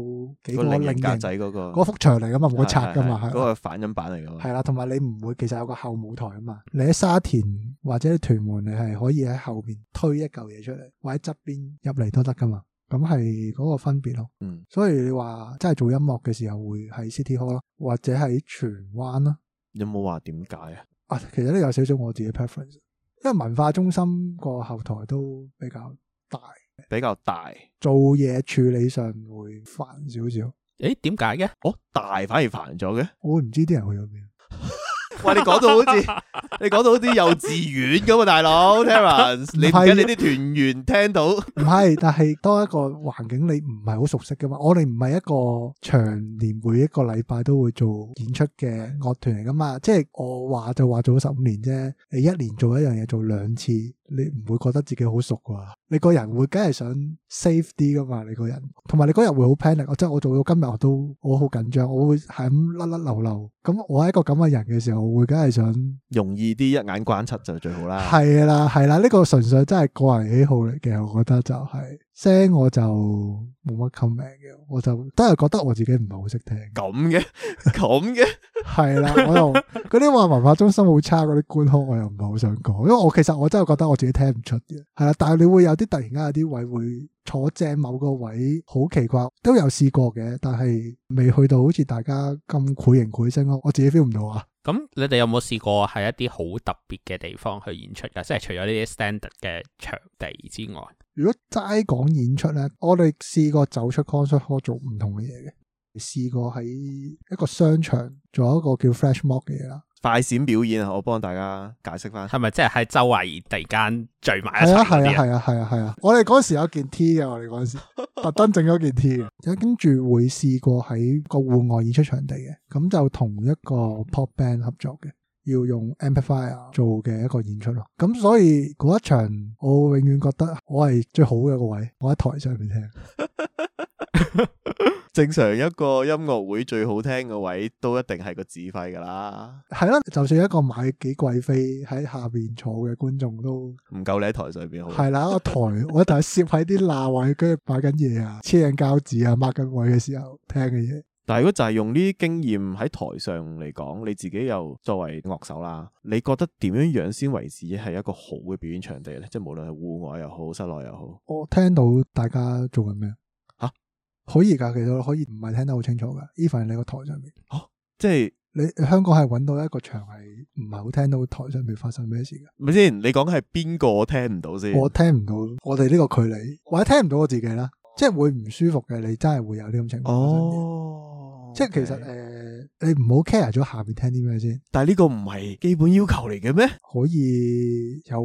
幾個靚仔嗰個嗰幅牆嚟噶嘛，唔會拆噶嘛，係嗰的個反音板嚟噶嘛。係啦，同埋你唔會，其實有個後舞台啊嘛。你喺沙田或者屯門，你係可以喺後邊推一嚿嘢出嚟，或者側邊入嚟都得噶嘛。咁係嗰個分別咯。嗯，所以你話真係做音樂嘅時候會喺 City Hall 咯，或者喺荃灣啦。有冇話點解啊？啊，其實都有少少我自己 preference，因為文化中心個後台都比較大，比較大，做嘢處理上會煩少少。誒、欸，點解嘅？哦，大反而煩咗嘅，我唔知啲人去咗邊。 喂，你講到好似你講到好似幼稚園咁啊，大佬 ，Terrence，你唔驚你啲團員聽到是？唔係， 但係當一個環境，你唔係好熟悉噶嘛。我哋唔係一個長年每一個禮拜都會做演出嘅樂團嚟噶嘛。即係我話就話做咗十五年啫，你一年做一樣嘢做兩次。你唔會覺得自己好熟啩？你個人會梗係想 safe 啲噶嘛？你個人，同埋你嗰日會好 panic，我即係我做到今日，我都我好緊張，我會係咁甩甩漏漏。咁我係一個咁嘅人嘅時候，會梗係想容易啲一,一眼關七就最好啦。係啦，係啦，呢、這個純粹真係個人喜好嚟嘅，我覺得就係、是。聲我就冇乜 comment 嘅，我就真係覺得我自己唔係好識聽。咁嘅，咁嘅，係啦。 我又嗰啲話文化中心好差，嗰啲觀眾，我又唔係好想講，因為我其實我真係覺得我自己聽唔出嘅。係啦，但係你會有啲突然間有啲位會坐正某個位，好奇怪，都有試過嘅，但係未去到好似大家咁繪形繪聲咯。我自己 feel 唔到啊。咁你哋有冇試過係一啲好特別嘅地方去演出噶？即係除咗呢啲 standard 嘅場地之外。如果齋講演出咧，我哋試過走出 concert hall 做唔同嘅嘢嘅，試過喺一個商場做一個叫 Flashmob 嘅嘢啦，快閃表演啊！我幫大家解釋翻，係咪即係喺周圍突然間聚埋一齊？係啊係啊係啊係啊係啊！我哋嗰陣時有件 T 嘅，我哋嗰陣時特登整咗件 T 嘅，跟住會試過喺個戶外演出場地嘅，咁就同一個 pop band 合作嘅。要用 Amplifier 做嘅一個演出咯，咁所以嗰一場我永遠覺得我係最好嘅個位，我喺台上面聽。 正常一個音樂會最好聽嘅位，都一定係個指揮噶啦。係啦，就算一個買幾貴飛喺下邊坐嘅觀眾都唔夠你喺台上邊好的。係啦，個台我一台攝喺啲罅位，跟住擺緊嘢啊，黐緊膠紙啊，抹緊位嘅時候聽嘅嘢。但如果就係用呢啲經驗喺台上嚟講，你自己又作為樂手啦，你覺得點樣樣先為止係一個好嘅表演場地咧？即係無論係戶外又好，室內又好。我聽到大家做緊咩啊？吓可以噶，其實可以唔係聽得好清楚噶。呢份你個台上面，吓、啊、即係你香港係搵到一個場係唔係好聽到台上面發生咩事嘅？咪先，你講係邊個聽唔到先？我聽唔到，我哋呢個距離或者聽唔到我自己啦，即係會唔舒服嘅。你真係會有呢種情況。哦即係 Okay. 其實誒、呃，你唔好 care 咗下邊聽啲咩先。但係呢個唔係基本要求嚟嘅咩？可以有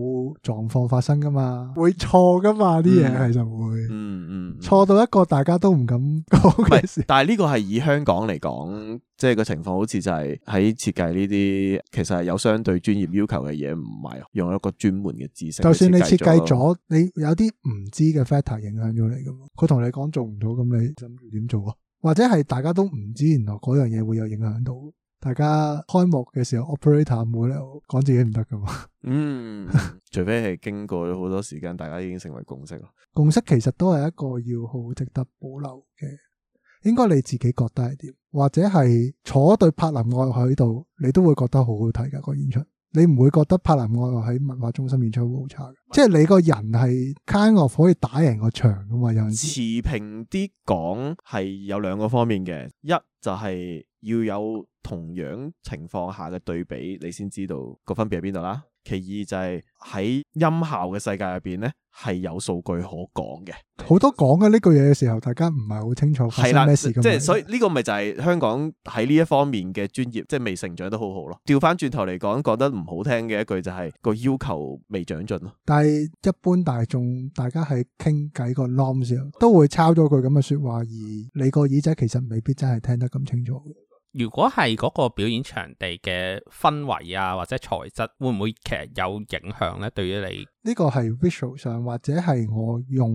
狀況發生噶嘛？會錯噶嘛？啲嘢係就會，嗯，嗯嗯，錯到一個大家都唔敢講嘅事。但係呢個係以香港嚟講，即係個情況，好似就係喺設計呢啲，其實係有相對專業要求嘅嘢，唔係用一個專門嘅知識。就算你設計咗，嗯嗯嗯你有啲唔知嘅 factor 影響咗你噶嘛？佢同你講做唔到，咁你諗住點做啊？或者係大家都唔知原來嗰樣嘢，會有影響到大家開幕嘅時候，operator 嚟，會講自己唔得㗎嘛？嗯， 除非係經過咗好多時間，大家已經成為共識咯。共識其實都係一個要好值得保留嘅，應該你自己覺得係點？或者係坐對柏林愛樂喺度，你都會覺得好好睇㗎個演出。你唔會覺得柏林愛樂喺文化中心演出會好差即係你個人係卡樂可以打贏個場噶嘛？有時持平啲講係有兩個方面嘅，一就係要有同樣情況下嘅對比，你先知道個分別喺邊度啦。其二就係喺音效嘅世界入邊呢，係有數據可講嘅。好多講嘅呢句嘢嘅時候，大家唔係好清楚發生咩事。即係所以呢個咪就係香港喺呢一方面嘅專業，即係未成長得好好咯。調翻轉頭嚟講，講得唔好聽嘅一句就係、是、個要求未長進咯。但係一般大眾，大家係傾偈個陣時，都會抄咗句咁嘅說話，而你個耳仔其實未必真係聽得咁清楚。如果係嗰個表演場地嘅氛圍啊，或者材質，會唔會其實有影響咧？對於你呢個係 visual 上，或者係我用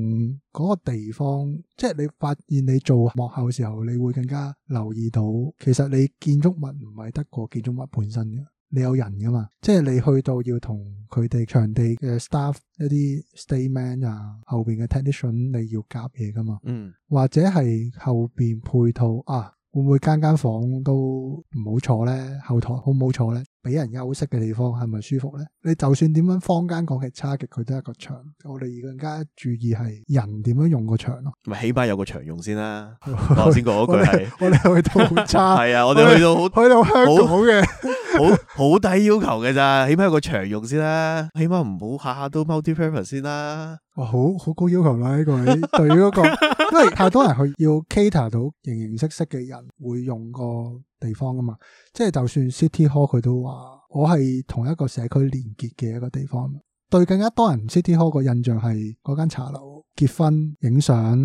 嗰個地方，即係你發現你做幕後嘅時候，你會更加留意到，其實你建築物唔係得個建築物本身嘅，你有人㗎嘛，即係你去到要同佢哋場地嘅 staff 一啲 stage man 啊，後邊嘅 technician 你要夾嘢㗎嘛，嗯，或者係後邊配套啊。會唔會間間房都唔好坐咧？後台好唔好坐咧？俾人休息嘅地方係咪舒服咧？你就算點樣坊間講極差極，佢都係個場。我哋而家更加注意係人點樣用個場咯。咪起碼有個場用先啦。 頭先講嗰句，我哋去到好差，係 啊，我哋去到 去到香港嘅， 好好低要求嘅咋。起碼有個場用先啦，起碼唔好下下都 multi purpose 先啦。我、哦、好好高要求啦，呢個位對於、那個，因為太多人去要 cater 到形形色色嘅人會用個地方啊嘛，即、就、係、是、就算 City Hall 佢都話，我係同一個社區連結嘅一個地方，對更加多人 City Hall 個印象係嗰間茶樓結婚影相，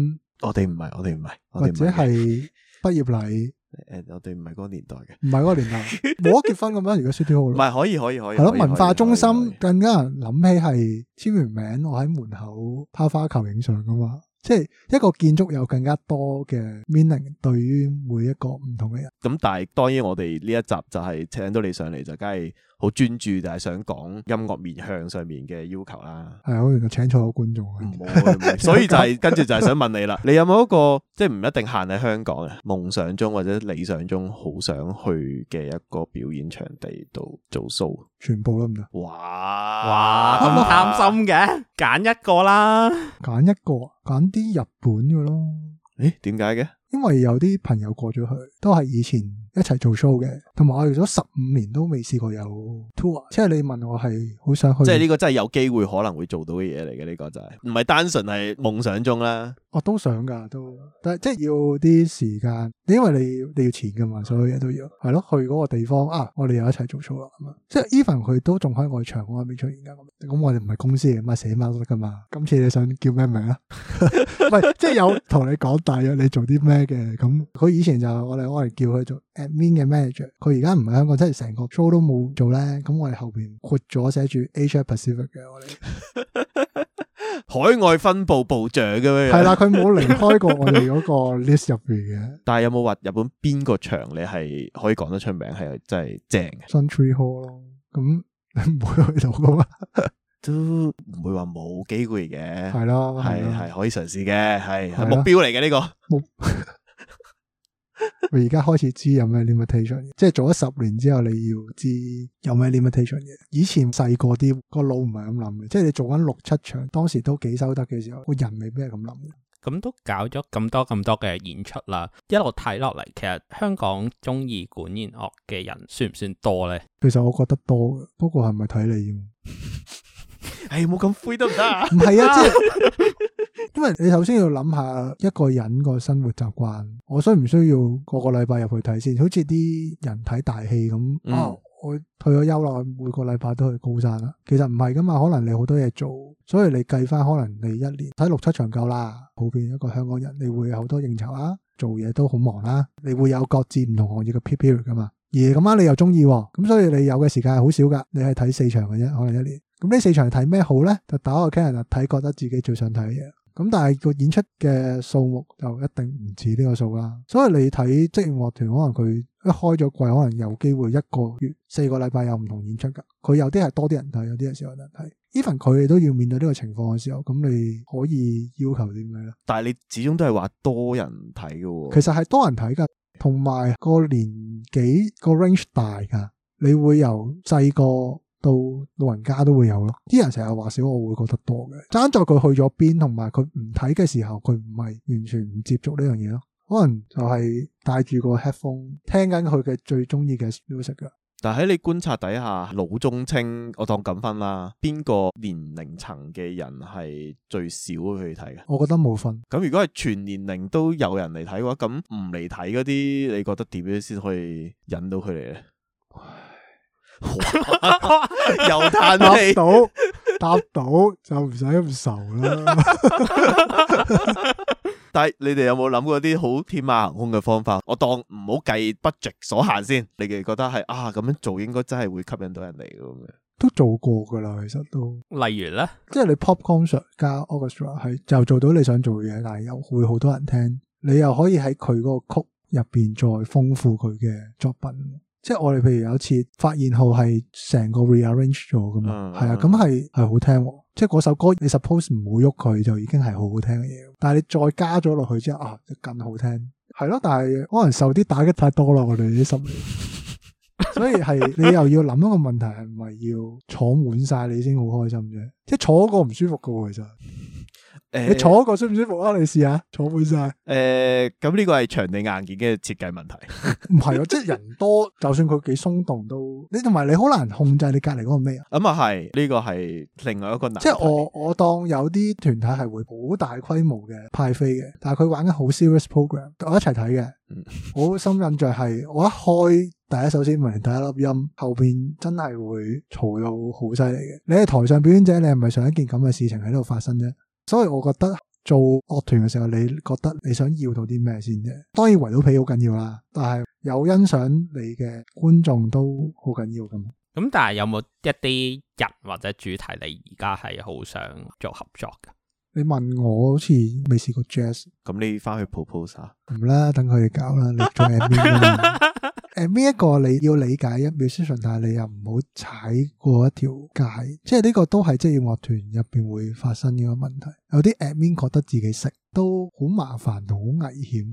我哋唔係，我哋唔係，或者係畢業禮。 誒、嗯，我哋唔係嗰個年代嘅，唔係嗰個年代，冇 得結婚咁樣。如果書挑好，唔係可以可以可以。係咯，文化中心更加人諗起係簽完名，我喺門口拋花球影相噶嘛。嗯、即係一個建築有更加多嘅 meaning，對於每一個唔同嘅人。咁但係當然我哋呢一集就係請到你上嚟就梗係。好專注就係、是、想講音樂面向上面嘅要求啦，係好容易請錯個觀眾啊，是是 所以就係、是、 跟住就係想問你啦，你有冇一個即係唔一定限喺香港嘅夢想中或者理想中好想去嘅一個表演場地度做 show？全部都唔得，哇哇，咁都哇貪心嘅，揀哇哇一個啦，揀一個，揀啲日本嘅咯，誒，點解嘅？因為有啲朋友過咗去，都係以前。一齊做 show 嘅，同埋我做咗十五年都未試過有 tour，即係你問我係好想去，即係呢個真係有機會可能會做到嘅嘢嚟嘅呢個就係、是，唔係單純係夢想中啦。我、哦、都想噶，都但係即係要啲時間，因為你你要錢噶嘛，所有嘢都要係咯。去嗰個地方啊，我哋又一齊做 show 啦。即係 even 佢都仲喺外場，我未出現噶。咁、嗯、我哋唔係公司嘅，乜死貓都得噶嘛。今次你想叫咩名啊？係 是，即係 有同你講大約你做啲咩嘅咁，佢以前就我哋可能叫佢做。Mean 嘅 manager，佢而家唔係香港，即係成個 show 都冇做咧。咁我哋後邊括咗寫住 Asia Pacific 嘅，我哋 海外分部部長嘅，係啦，佢冇離開過我哋嗰個 list 入邊嘅。 但係有冇話日本邊個場你係可以講得出名，係真係正嘅？Sun Tree Hall 咯，咁你唔會去到噶嘛？ 都唔會話冇機會嘅。係咯， 係係可以嘗試嘅，係係的、這個、目標嚟嘅呢個。 我而家開始知有咩 limitation，即係做咗十年之後你要知有咩 limitation 嘅。以前細個啲個腦唔係咁諗嘅，即係你做緊六七場，當時都幾收得嘅時候，個人未必係咁諗嘅。咁都搞咗咁多咁多嘅演出啦，一路睇落嚟，其實香港中意管弦樂嘅人算唔算多咧？其實我覺得多嘅，是不過係咪睇你？ 誒，冇咁、哎、灰得唔得啊？唔係 啊，即係 因為你首先要諗下一個人個生活習慣，我需唔需要個個禮拜入去睇先？好似啲人睇大戲咁，啊、嗯哦，我退咗休啦，每個禮拜都去高山啦。其實唔係噶嘛，可能你好多嘢做，所以你計翻，可能你一年睇六七場夠啦。普遍一個香港人，你會好多應酬啦、啊，做嘢都好忙啦、啊，你會有各自唔同行業嘅 peak period 噶嘛。而咁啱你又中意、啊，咁所以你有嘅時間係好少噶，你係睇四場嘅啫，可能一年。咁呢四場睇咩好咧？就打個 calendar 睇，覺得自己最想睇嘅。咁但係個演出嘅數目就一定唔似呢個數啦。所以你睇職業樂團，可能佢一開咗季，可能有機會一個月四個禮拜有唔同演出噶。佢有啲係多啲人睇，有啲係少人睇。even 佢哋都要面對呢個情況嘅時候，咁你可以要求點樣咧？但係你始終都係話多人睇噶。其實係多人睇噶，同埋個年紀個 range 大噶，你會由細個。到老人家都會有咯，啲人成日話少，我會覺得多嘅。爭在佢去咗邊，同埋佢唔睇嘅時候，佢唔係完全唔接觸呢樣嘢咯。可能就係戴住個 headphone 聽緊佢嘅最中意嘅 music 噶。但喺你觀察底下，老中青，我當噉分啦。邊個年齡層嘅人係最少去睇嘅？我覺得冇分。咁如果係全年齡都有人嚟睇嘅話，咁唔嚟睇嗰啲，你覺得點樣先可以引到佢嚟呢？又 油探炭氣到答到，答到就唔使咁愁啦。 但係你哋有冇諗過啲好天馬行空嘅方法？我當唔好計 budget 所限先。你哋覺得係啊咁樣做應該真係會吸引到人哋嘅。都做過噶啦，其實都。例如咧，即係你 pop concert 加 orchestra，係就做到你想做嘅嘢，但係又會好多人聽。你又可以喺佢嗰個曲入邊再豐富佢嘅作品。即係我哋，譬如有一次發現後係成個 rearrange 咗噶嘛，係、uh, uh, 啊，咁係係好聽，即係嗰首歌，你 suppose 唔會喐佢就已經係好好聽嘅嘢，但係你再加咗落去之後啊，更好聽，係咯，但係可能受啲打擊太多啦，我哋啲心理， 所以係你又要諗一個問題係唔係要坐滿晒你先好開心啫，即係坐個唔舒服噶喎，其實。欸、你坐一個舒唔舒服啊？你試下坐背晒。誒、欸，咁呢個係場地硬件嘅設計問題。唔係啊，即係 人多，就算佢幾鬆動都，你同埋你好難控制你隔籬嗰個咩啊。咁啊係，呢個係另外一個難。即係我我當有啲團體係會好大規模嘅派飛嘅，但係佢玩緊好 serious program，我一齊睇嘅，我好、嗯、深印象係我一開第一首先，第一粒音後邊真係會嘈到好犀利嘅。你係台上表演者，你係咪想一件咁嘅事情喺度發生啫？所以我覺得做樂團嘅時候，你覺得你想要到啲咩先啫？當然圍到皮好緊要啦，但係有欣賞你嘅觀眾都好緊要㗎。咁但係有冇一啲人或者主題，你而家係好想做合作嘅？你問我好似未試過 jazz，咁你翻去 proposal，唔、啊、啦，等佢哋搞啦。你做 admin，誒，呢 一個你要理解一，but 但係你又唔好踩過一條界，即係呢個都係職業樂團入邊會發生呢一個問題。有啲 admin 覺得自己識都好麻煩同好危險，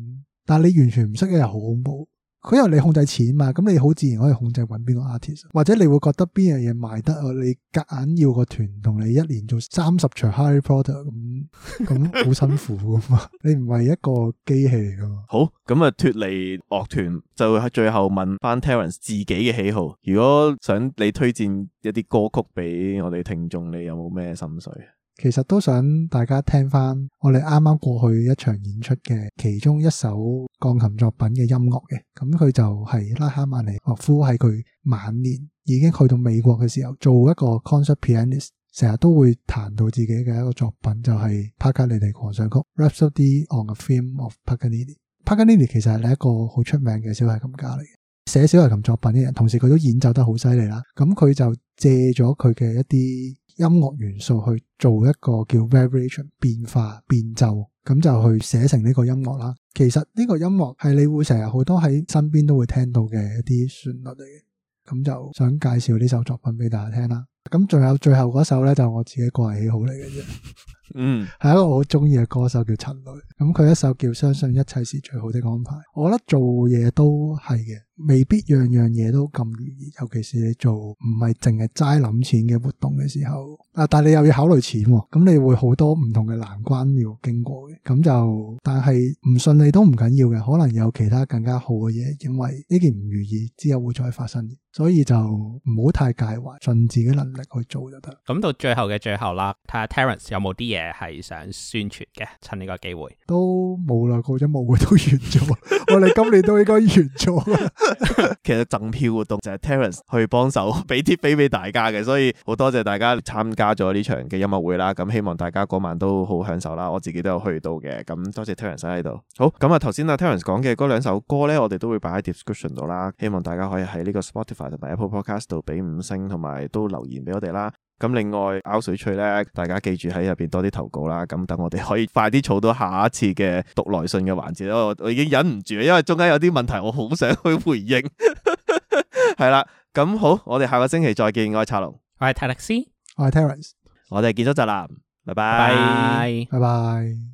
但係你完全唔識嘅又好恐怖。佢由你控制錢嘛，咁你好自然可以控制揾邊個 artist，或者你會覺得邊樣嘢賣得，啊你夾硬要個團同你一年做三十場 Harry Potter 咁咁好辛苦噶嘛， 你唔係一個機器嚟噶嘛。好，咁啊脱離樂團就喺最後問翻 Terrence 自己嘅喜好，如果想你推薦一啲歌曲俾我哋聽眾，你有冇咩心水？其實都想大家聽翻我哋啱啱過去一場演出嘅其中一首鋼琴作品嘅音樂嘅，咁佢就係拉赫曼尼諾夫喺佢晚年已經去到美國嘅時候，做一個 concert pianist，成日都會彈到自己嘅一個作品，就係、是、帕，帕格尼尼狂想曲 （Rhapsody on a Theme of Paganini）。帕格尼尼其實係另一個好出名嘅小提琴家嚟嘅，寫小提琴作品嘅人，同時佢都演奏得好犀利啦。咁佢就借咗佢嘅一啲。音樂元素去做一個叫 variation 變化變奏，咁就去寫成呢個音樂啦。其實呢個音樂係你會成日好多喺身邊都會聽到嘅一啲旋律嚟嘅，咁就想介紹呢首作品俾大家聽啦。咁仲有最後嗰首咧，就係、我自己個人喜好嚟嘅啫，嗯，係 一個我好中意嘅歌手叫陳蕾，咁佢一首叫《相信一切是最好的安排》，我覺得做嘢都係嘅。未必樣樣嘢都咁如意，尤其是你做唔係淨係齋諗錢嘅活動嘅時候啊！但係你又要考慮錢，咁你會好多唔同嘅難關要經過嘅，咁就但係唔順利都唔緊要嘅，可能有其他更加好嘅嘢，因為呢件唔如意之後會再發生，所以就唔好太介懷，盡自己能力去做就得。咁到最後嘅最後啦，睇下 Terrence 有冇啲嘢係想宣傳嘅，趁呢個機會都冇啦，過咗冇會都完咗， 我哋今年都應該完咗 其實贈票活動就係 Terrence 去幫手俾啲飛俾俾大家嘅，所以好多謝大家參加咗呢場嘅音樂會啦。咁希望大家嗰晚都好享受啦，我自己都有去到嘅。咁多謝 Terrence 喺度。好，咁啊，頭先啊 Terrence 講嘅嗰兩首歌呢，我哋都會擺喺 description 度啦。希望大家可以喺呢個 Spotify 同埋 Apple Podcast 度俾五星，同埋都留言俾我哋啦。咁另外拗水吹咧，大家記住喺入邊多啲投稿啦。咁等我哋可以快啲儲到下一次嘅讀來信嘅環節啦。我已經忍唔住，因為中間有啲問題，我好想去回應。係 啦，咁好，我哋下個星期再見。我係查龍，我係泰勒斯，我係 Terence，我哋結束宅男，拜拜，拜拜。